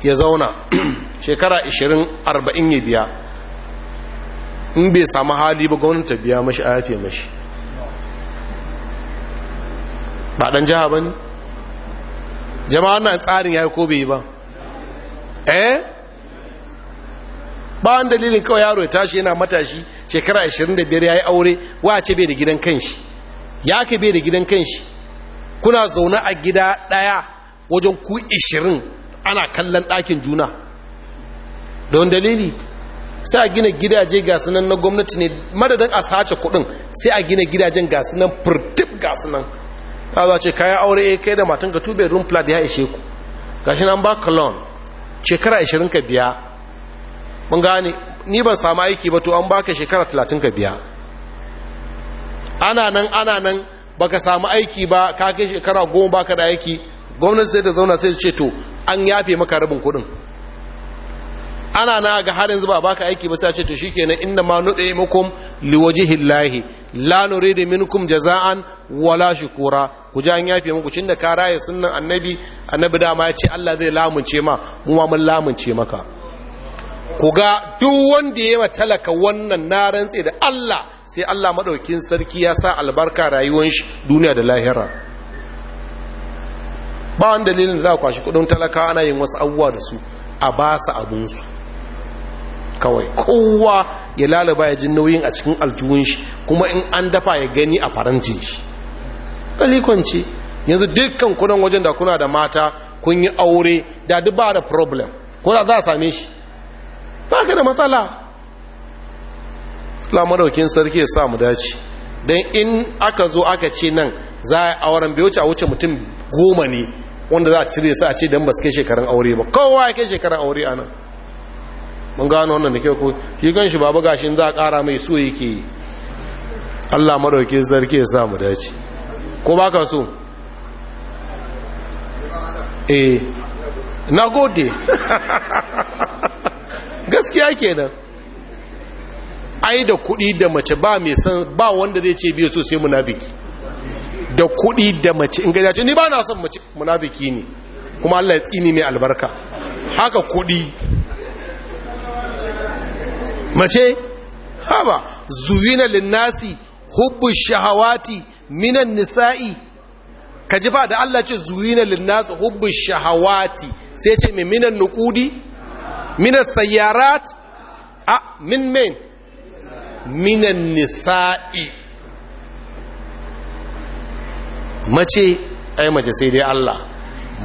ya zauna shekara 20-40 ya biya in bai samu hali ba gwamnati biya mashi a yafe mashi ba dan jiha ba ne jama'an na tsarin ya yi ko bai yi ba eh ba wani dalilin kawai yaro ya tashi yana matashi shekara 25 ya yi aure wace bai da gidan kanshi ya ka bai da gidan kanshi kuna zaune a gida ɗaya wajen ku ishirin ana kallon ɗakin juna don dalili sai a gina gidaje gasu nan na gwamnati ne madadin a sace kuɗin sai a gina gidajen gasu nan furtif gasu nan ta za ce kayan aure eh, kai da matan ka tube room plat ya ishe ku gashi nan ba kalon shekara 20 ka biya mun gane ni ban samu aiki ba to an baka shekara 30 ka biya ana nan ana nan baka samu aiki ba ka kai shekara goma baka da aiki gwamnati sai ta zauna sai ta ce to an yafe maka rabin kuɗin ana na ga har yanzu ba baka aiki ba sai ce to shikenan inna ma nutse mukum liwajhillahi la nuridu minkum jaza'an wala shukura ku ji an yafe muku cinda ka raye sunnan annabi annabi dama ya ce Allah zai lamunce ma mu ma mun lamunce maka ku ga duk wanda yayi talaka wannan na rantse da Allah sai Allah maɗaukin sarki ya sa albarka rayuwar shi duniya da lahira ba wani dalilin da za a kwashi kudin talaka ana yin wasu abubuwa da su a ba su abinsu kawai kowa ya lalaba ya ji nauyin a cikin aljuhun shi kuma in an dafa ya gani a faranti shi ɗalikon ce yanzu dukkan kudin wajen da kuna da mata kun yi aure da duk ba da problem ko za a same shi ba ka da matsala Allah madaukin sarki ya sa mu dace dan in aka zo aka ce nan za a auren bai wuce a wuce mutum goma ne wanda za a cire su a ce dan ba su kai shekarun aure ba kowa ya kai shekarun aure a nan mun gano wannan da ke ko shi kan shi babu gashin za a kara mai so yake yi Allah madaukin sarki ya sa mu dace ko ba ka so eh na gode gaskiya kenan ai da kuɗi da mace ba mai san ba wanda zai ce biyu so sai munafiki da kuɗi da mace in gajace ce ni ba na son mace munafiki ne kuma Allah ya tsini mai albarka haka kuɗi mace haba zuwina linnasi hubbu shahawati minan nisa'i ka ji ba da Allah ce zuwina linnasi hubbu shahawati sai ce mai minan nukudi? minan sayyarat a min min minan nisa'i mace ai mace sai dai Allah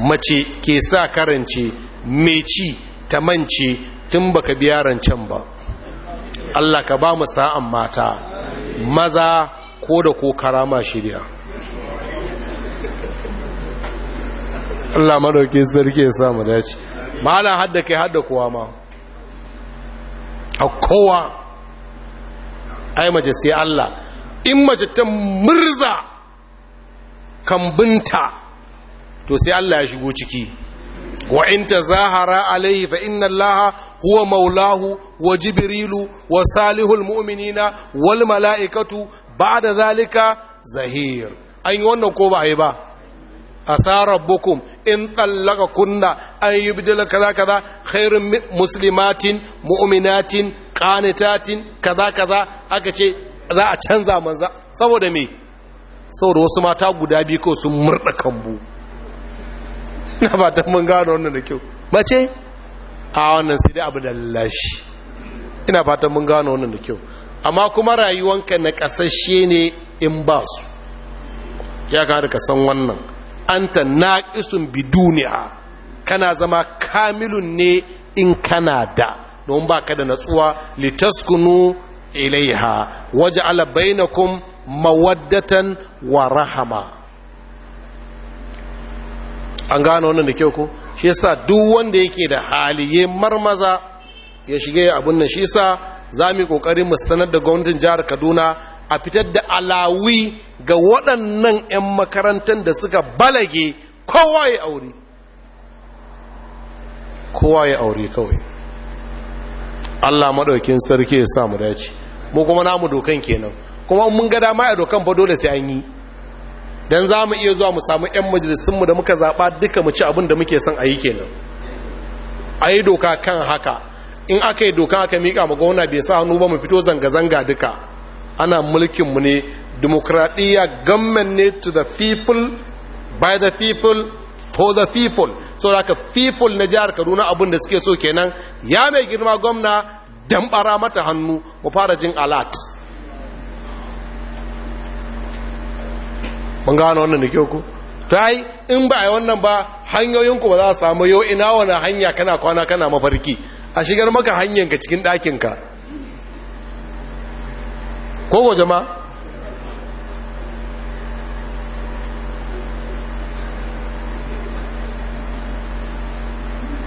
mace ke sa karance meci ta mance tun baka biya rancen ba Allah ka ba mu sa'an mata maza ko da ko karama shirya Allah madauke sarki ya mu dace malam hadda kai hadda kowa ma a kowa ai mace sai Allah in mace ta murza kambinta to sai Allah ya shigo ciki wa inta tazahara alayhi fa inna Allah huwa maulahu wa jibrilu wa salihul mu'minina wal mala'ikatu ba'da zalika zahir an yi wannan ko ba yi ba asarar bukum in tsallaka kunna an yi bidila kaza kaza khairun muslimatin mu'minatin qanitatin kaza kaza aka ce za a canza manza saboda me saboda wasu mata guda biyu ko sun murda kambu na fatan mun gano wannan da kyau mace a wannan sai dai abu da lashi ina fatan mun gano wannan da kyau amma kuma rayuwanka na kasashe ne in ba su ya kada ka san wannan anta naqisun duniya kana zama kamilun ne in kana da don ba ka da natsuwa litaskunu ilaiha waje alabainakum mawaddatan wa rahama an gano wannan da kyau ko shi yasa duk wanda yake da haliye marmaza ya shige abin nan shi yasa za mu yi kokarin mu sanar da gwamnatin jihar kaduna a fitar da alawi ga waɗannan 'yan makarantar da suka balage kowa ya aure kowa ya aure kawai Allah madaukin sarki ya sa mu dace mu kuma namu dokan kenan kuma mun ga dama a dokan fa dole sai an yi dan za mu iya zuwa mu samu yan majalisun mu da muka zaba duka mu ci abin da muke son a yi kenan Ayi doka kan haka in aka yi doka aka mika mu gwamna bai sa hannu ba mu fito zanga-zanga duka ana mulkin mu ne demokradiya government ne to the people by the people for the people da ka fiful na jihar kaduna abin da suke so kenan ya mai girma gwamna dambara mata hannu mu fara jin alat. mun gano wannan da kyau ku tai in ba a yi wannan ba hanyoyinku ba za a samu yau ina wani hanya kana kwana kana mafarki a shigar maka hanyanka cikin ɗakinka ko jama'a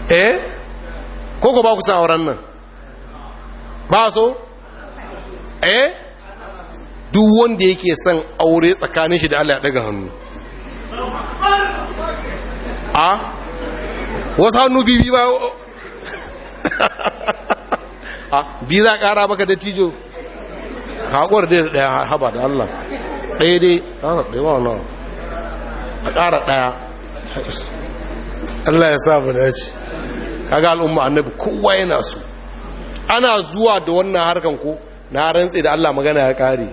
eh ko ko ba ku san auren nan ba so eh duk wanda yake son aure tsakanin shi da Allah ya daga hannu a wasu hannu bibi ba a bi za kara baka da tijo kakwar dai da daya haba da Allah ɗaya dai kara ɗaya wa nan a kara ɗaya Allah ya sa mu dace kaga al'umma annabi kowa yana so ana zuwa da wannan harkan ko na rantse da Allah magana ya kare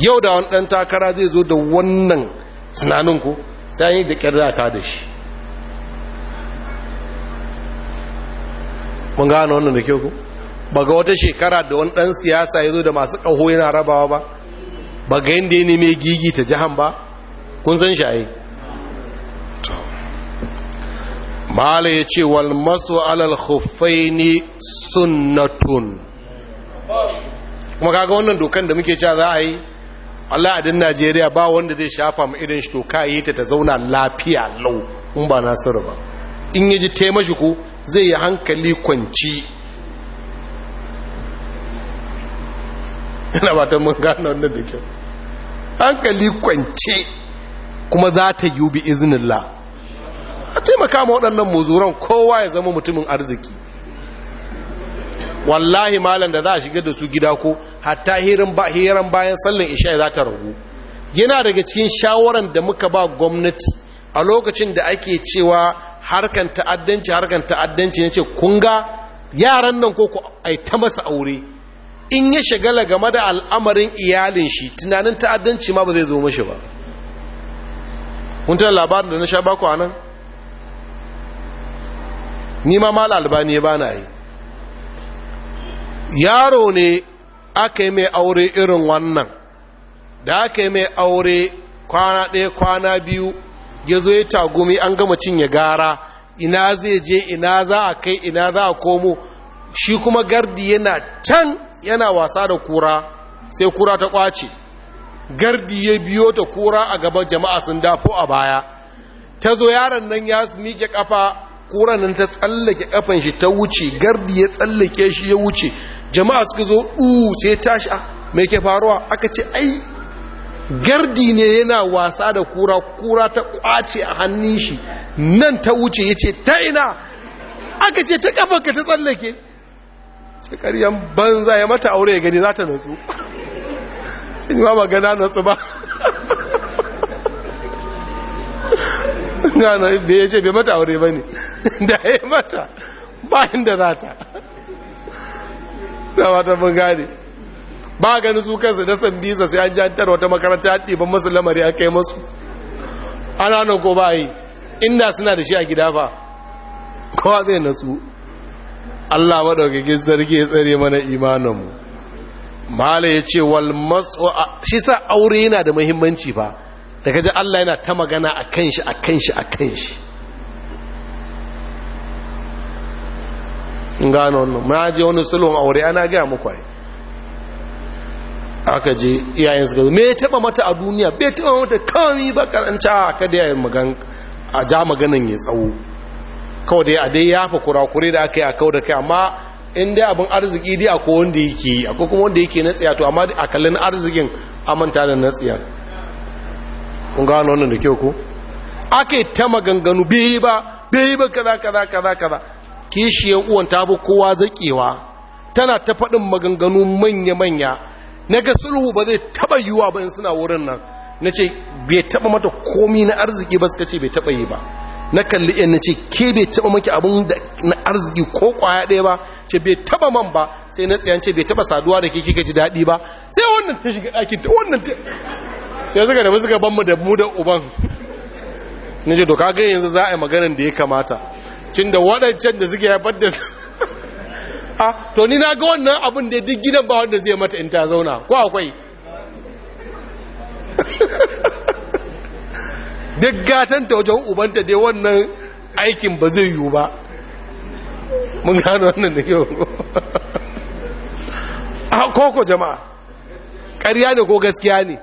yau da wani dan takara zai zo da wannan tunanin ko sai yi da kirda ka da shi mun gano wannan da ke ko ba ga wata shekara da wani dan siyasa ya zo da masu kaho yana rabawa ba ba ga yadda ya neme gigi ta jihan ba kun san shaye mala ya ce wal maso alal khuffaini sunnatun kuma kaga wannan dokan da muke cewa za a yi Allah adin Najeriya ba wanda zai shafa mu irin shi to yi ta ta zauna lafiya lau in ba Nasiru ba in yaji taimashi shi ko zai yi hankali kwanci ina ba ta mun gano wannan da kyau hankali kwance kuma za ta yi bi iznillah a taimaka ma waɗannan muzuran kowa ya zama mutumin arziki wallahi malam da za a shiga da su gida ko hatta hiran bayan sallin isha za ta ragu yana daga cikin shawaran da muka ba gwamnati a lokacin da ake cewa harkan ta'addanci harkan ta'addanci ya ce kunga yaran nan ko ku aita masa aure in ya shagala game da al'amarin iyalin shi tunanin ta'addanci ma ba zai zo mashi ba kun tana labarin da na sha baku a nan ni ma mal albani ba na yi yaro ne aka yi mai aure irin wannan da aka yi mai aure kwana ɗaya kwana biyu ya zo ya tagumi an gama cinye gara ina zai je ina za a kai ina za a komo shi kuma gardi yana can yana wasa da kura sai kura ta kwace gardi ya biyo ta kura a gaba jama'a sun dafo a baya ta zo yaron nan ya su miƙe kafa ƙura nan ta tsallake kafan shi ta wuce gardi ya tsallake shi ya wuce jama'a suka zo ɗu sai tashi ah, mai ke faruwa aka ce ai gardi ne yana wasa da kura kura ta kwace a hannun shi nan ta wuce ya ce ta ina aka ce ta kafanka ta tsallake ce ƙaryan banza ya mata aure ya gani za ta natsu shi ne ma magana natsu ba gano bai ya ce bai mata aure bane, da ya mata bayan da za ta da wata mun gane ba gani su kansu da san biza sai an ji an wata makaranta ya ɗiban masu lamari a kai masu ana nan ko ba yi inda suna da shi a gida ba kowa zai natsu Allah maɗaukakin sarki ya tsare mana imaninmu mala ya ce wal matso shi sa aure yana da muhimmanci ba. da kaji Allah yana ta magana a kan shi a kan shi a kan shi in gano wannan ma je wani sulhun aure ana gaya muku ai aka je iyayen su me ya taba mata a duniya be taba mata kawai ba karanta aka da yayin magan a ja maganan ya tsawo kawai dai a dai ya fa kurakure da aka yi a kawai da kai amma in dai abin arziki dai akwai wanda yake akwai kuma wanda yake na tsiya to amma a kallon arzikin amanta da na tsiya kun gano wannan da kyau ko ake ta maganganu bai ba bai ba kaza kaza kaza kaza kishiyar uwan ta bu kowa zakewa tana ta faɗin maganganu manya manya na ga sulhu ba zai taba yiwa ba in suna wurin nan na ce bai taba mata komi na arziki ba suka ce bai taba yi ba na kalli yan na ce ke bai taba maki abin da na arziki ko kwaya ɗaya ba ce bai taba man ba sai na tsayance bai taba saduwa da ke kika ji daɗi ba sai wannan ta shiga ɗakin wannan ta sai suka da suka banmu da mu da uban na ce doka kaga yanzu za a yi maganin da ya kamata cin da waɗancan da suke haifar da a ah, to ni na ga wannan abin da duk gidan ba wanda zai mata in ta zauna ko akwai duk gatan ta wajen ubanta dai wannan aikin ba zai yiwu ba mun gano wannan da yau a ah, koko jama'a ƙarya ne ko gaskiya ne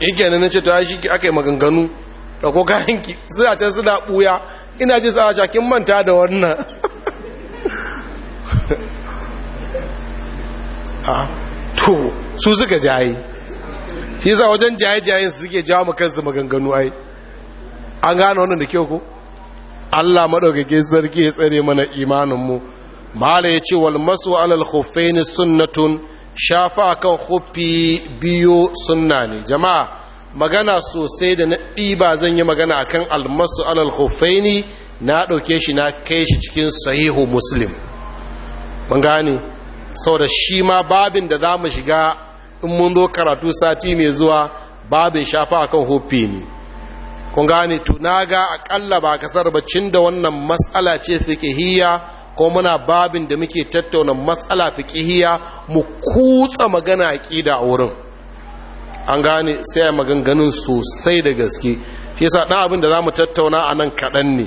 yake nan ce to shi aka yi maganganu da ko kayan ki suna can suna buya ina ji sa shakin manta da wannan a ah, to su suka jaye shi yasa wajen jaye jaye su suke jawo kansu maganganu ai an gane wannan da kyau ko Allah madaukake sarki ya tsare mana imanin mu mala yace wal masu alal khuffaini sunnatun shafa kan hufi biyu sunna ne jama'a magana sosai da na ɗiba zan yi magana akan almasu alal hufaini na ɗauke shi na kai shi cikin sahihu muslim mun gane da shi ma babin da za mu shiga in mun zo karatu sati mai zuwa babin shafa akan hufi ne kun gane tunaga aƙalla ba kasar bacin da wannan matsala ce fikihiyya ko muna babin da muke tattauna matsala fiqhiyya mu kutsa magana aqida a wurin an gane sai a maganganun sosai da gaske shi yasa dan abin da za mu tattauna a nan kaɗan ne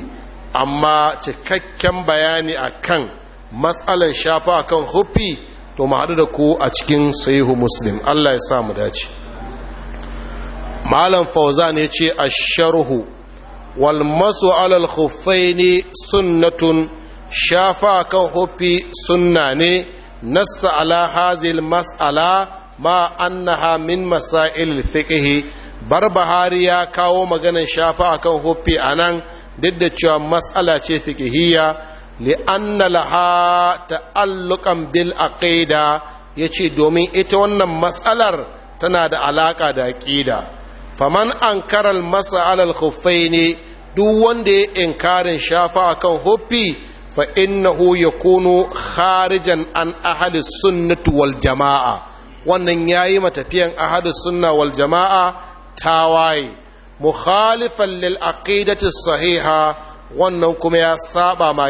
amma cikakken bayani akan matsalan shafa a kan hufi to mu haɗu da ku a cikin sahihu muslim Allah ya sa mu dace malam fauzan yace ce asharhu wal masu alal khuffaini sunnatun shafa kan hufi sunna ne nassa ala hazil mas'ala ma annaha min masail Bar barbahari ya kawo maganan shafa kan hufi anan duk da cewa mas'ala ce fiqhiyya laha ta'alluqan bil ya yace domin ita wannan mas'alar tana da alaka da aqida faman ankara al mas'al al khuffaini duk wanda ya inkarin shafa kan hufi fa ya yakunu kharijan an ahli sunnati wal jama'a wannan yayi matafiyan ahli sunna wal jama'a tawaye mukhalifan lil aqidati sahiha wannan kuma ya saba ma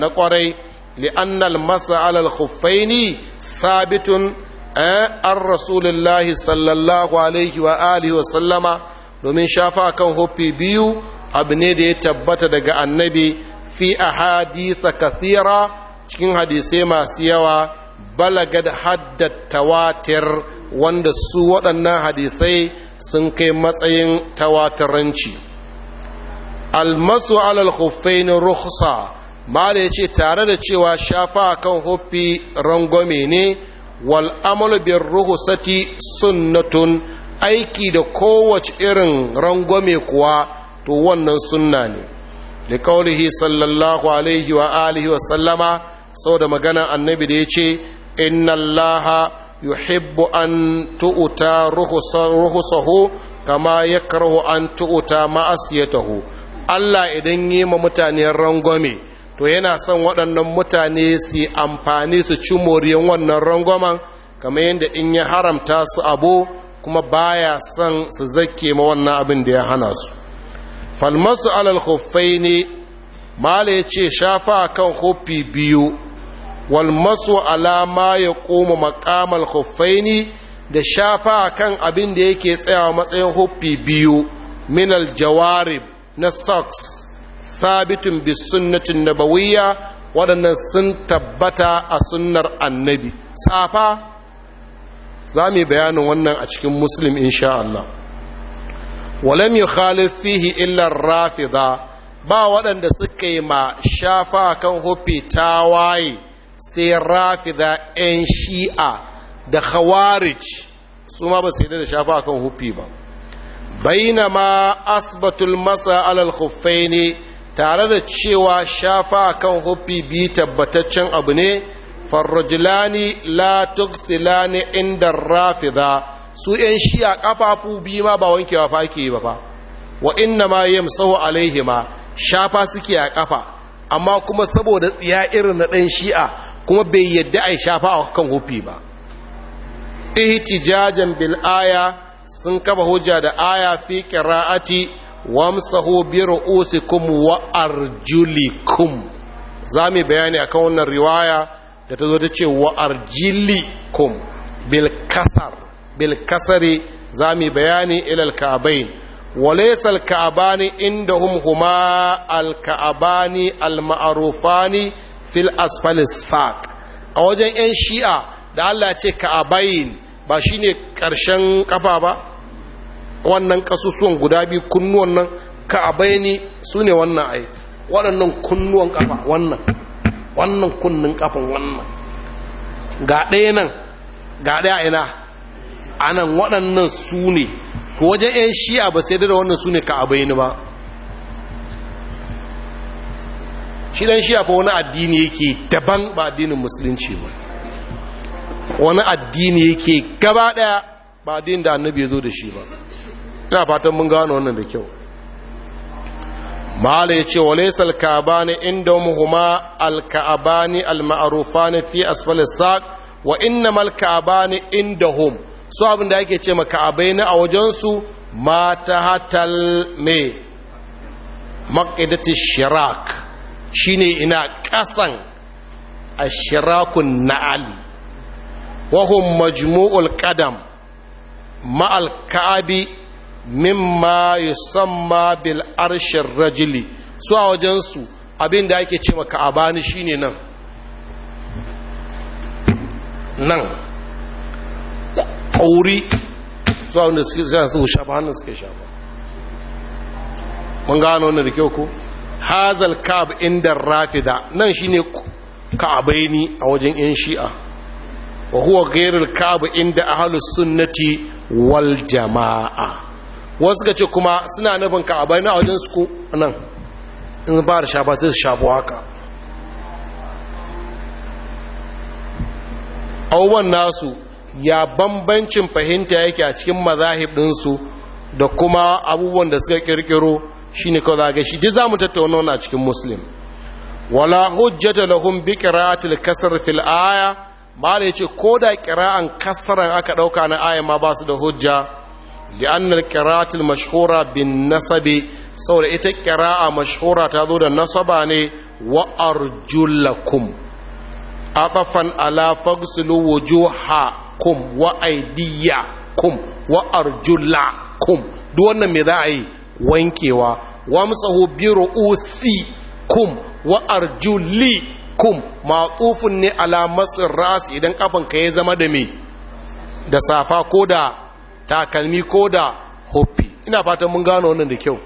na ƙwarai li'anna mas'al al khuffaini sabitun eh, an rasulillahi sallallahu alaihi wa alihi wa sallama domin shafa kan huffi biyu abu ne da ya tabbata daga annabi fi hadisa kathira cikin hadisai masu yawa balagad haddat tawatir wanda su waɗannan hadisai sun kai matsayin tawatiranci almasu alal khuffain rukhsa mala yace tare da cewa shafa kan huffi rangwame ne wal amalu bir ruhsati sunnatun aiki da kowace irin rangwame kuwa to wannan sunna ne da kaulihi sallallahu alaihi wa alihi wa sallama sau da maganan annabi da ya ce inna allaha yuhibbu an tu'uta ruhusahu kama ya karhu an tu'uta ma'asiyatahu Allah idan yi ma mutane rangwame to yana son waɗannan mutane su amfani su ci moriyan wannan rangwamen kamar yadda in ya haramta su abu kuma baya son su zake ma wannan abin da ya hana su falmasu alal huffai ne mala ya ce shafa kan hufi biyu walmasu alama ya koma makamal huffai ne da shafa kan abin da yake tsayawa matsayin hufi biyu minal jawarib na socks sabitun bi sunnatin nabawiyya waɗannan sun tabbata a sunnar annabi safa za mu yi bayanin wannan a cikin muslim insha Allah walam yi fihi illar rafida ba waɗanda suka yi ma shafa kan hufi tawaye sai rafida 'yan shi'a da khawarij su ma ba su yi da shafa kan hufi ba bainama asbatul masa alal huffai ne tare da cewa shafa kan hufi bi tabbataccen abu ne farrajulani la tuksilani inda rafida su ‘yan shi'a ƙafafu biyu ma ba wankewa fa ke ba fa wa inna ma yam alaihi ma shafa suke a ƙafa amma kuma saboda ya irin na ɗan shi'a kuma bai yadda a shafa a kan hufi ba ihtijajan bil aya sun kaba hujja da aya fi qira'ati wamsahu bi ru'usikum wa arjulikum mu bayani akan wannan riwaya da ta zo ta ce wa arjilikum bil kasar bil kasari za mu bayani ilal ka'abain walaysa al ka'abani indahum huma al ka'abani al ma'rufani fil asfali a wajen yan shi'a da Allah ce ka'abain ba shi ne ƙarshen ƙafa ba wannan ƙasusuwan guda biyu kunnuwan nan ka'abaini ne wannan ai waɗannan kunnuwan ƙafa wannan wannan kunnin ƙafan wannan ga ɗaya nan ga ɗaya ina anan waɗannan su ne ko wajen 'yan shi'a ba sai da wannan su ne ni ba shi dan shi'a fa wani addini yake daban ba addinin musulunci ba wani addini yake gaba ɗaya ba addinin da annabi ya zo da shi ba ina fatan mun gano wannan da kyau mahala ya ce wa laisal ka'abani inda muhuma al alma'arufani fi asfalis saq wa innamal ka'abani indahum su abin da ake ce abai na a wajensu mata hatal me maƙidati shirak shine ina kasan a shirakun na'ali wahun majmu'ul ƙadam ma'al ka'abi mimma yusamma bil arshin rajili su a wajensu abin da ake ce maka'abani shine nan nan tauri zuwa wanda suke zai su sha ba hannun suke sha ba mun gano wanda da ku hazal kab inda rafida nan shine ka'abaini a wajen yan shi'a wa huwa gairar kab inda ahalus sunnati wal jamaa wasu ka ce kuma suna nufin ka'abaini a wajen su nan in ba da shafa sai su shafo haka abubuwan nasu ya bambancin fahimta yake a cikin mazahib da kuma abubuwan da suka kirkiro shine kawai za ga shi duk za mu tattauna wani a cikin muslim wala hujjata lahum bi qira'atil kasr fil aya mala yace ko da qira'an kasran aka dauka na aya ma ba da hujja li anna al qira'atil mashhura bin nasabi saboda ita qira'a mashhura ta zo da nasaba ne wa arjulakum afafan ala fagsilu wujuha kum wa aidiya kum wa arjula kum duk wannan me za a yi wankewa musahu bi ru'usi kum wa arjuli kum matsufin ne ala matsin ras idan ka ya zama da me da safa ko da takalmi ko da hoppi ina fatan mun gano wannan da kyau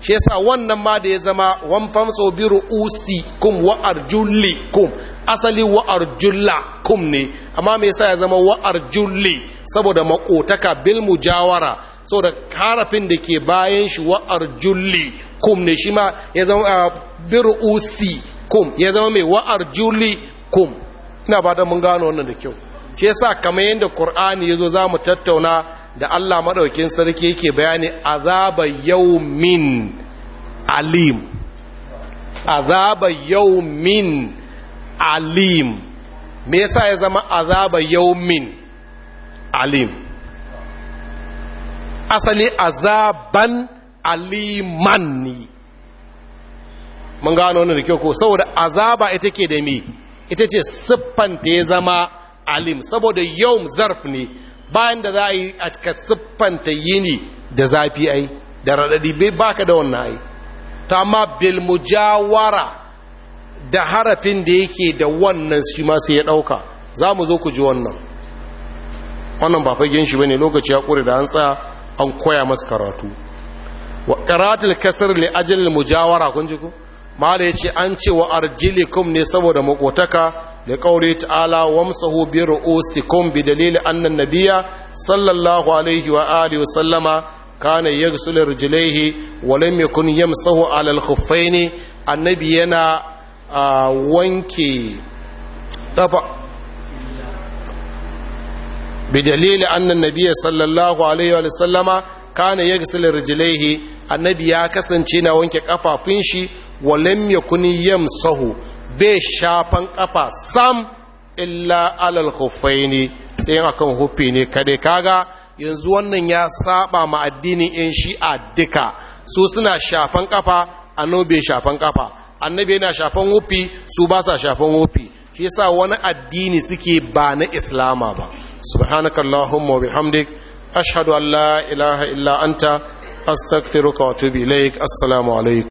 shi yasa wannan ma da ya zama wan famso bi ru'usi kum wa arjuli kum asali wa'ar julla kum ne amma me yasa ya zama wa'ar julli saboda makotaka bil mujawara saboda harafin da ke bayan shi wa'ar julli kum ne shi ma ya zama bir'usi kum ya zama mai wa'ar julli kum ina ba da mun gano wannan da kyau shi yasa kamar yadda qur'ani yazo mu tattauna da Allah madaukin sarki yake bayani azaba yawmin alim azaba yawmin alim me yasa ya zama azaba yaumin alim asali azaban aliman ne mun gano wannan da kyau ko saboda azaba ita ke da mi ita ce siffanta ya zama alim saboda yau zarf ne bayan da za a yi a ta siffanta yini da zafi ai da raɗaɗi bai baka da wannan ai ta ma bilmujawara. da harafin da yake da wannan shi ma sai ya ɗauka za mu zo ku ji wannan wannan ba fagen shi bane lokaci ya kure da an tsaya an koya masa karatu wa ƙaratul kasr li ajal mujawara kun ji ku mala ya ce an ce wa arjilikum ne saboda makotaka da kaure ta'ala wamsahu bi ru'usikum bi dalil annan nabiyya sallallahu alaihi wa alihi wa sallama kana yaghsilu rijlaihi wa lam yakun yamsahu ala al-khuffaini annabi yana a wanke kafa dalilin annan nabiya sallallahu alaihi wa sallama kana ya gisila rijilaihi annabi ya kasance na wanke kafafun shi wa lam yakun yamsahu bai shafan kafa sam illa alal khuffaini sai akan hufi ne kade kaga yanzu wannan ya saba ma addinin yan shi'a duka su suna shafan kafa a nobe shafan kafa annabi yana shafan wufi su ba sa shafan wufi shi yasa wani addini suke ba na islama ba subhanakallahumma wa bihamdik ashhadu an la ilaha illa anta astaghfiruka wa atubu ilaik assalamu alaikum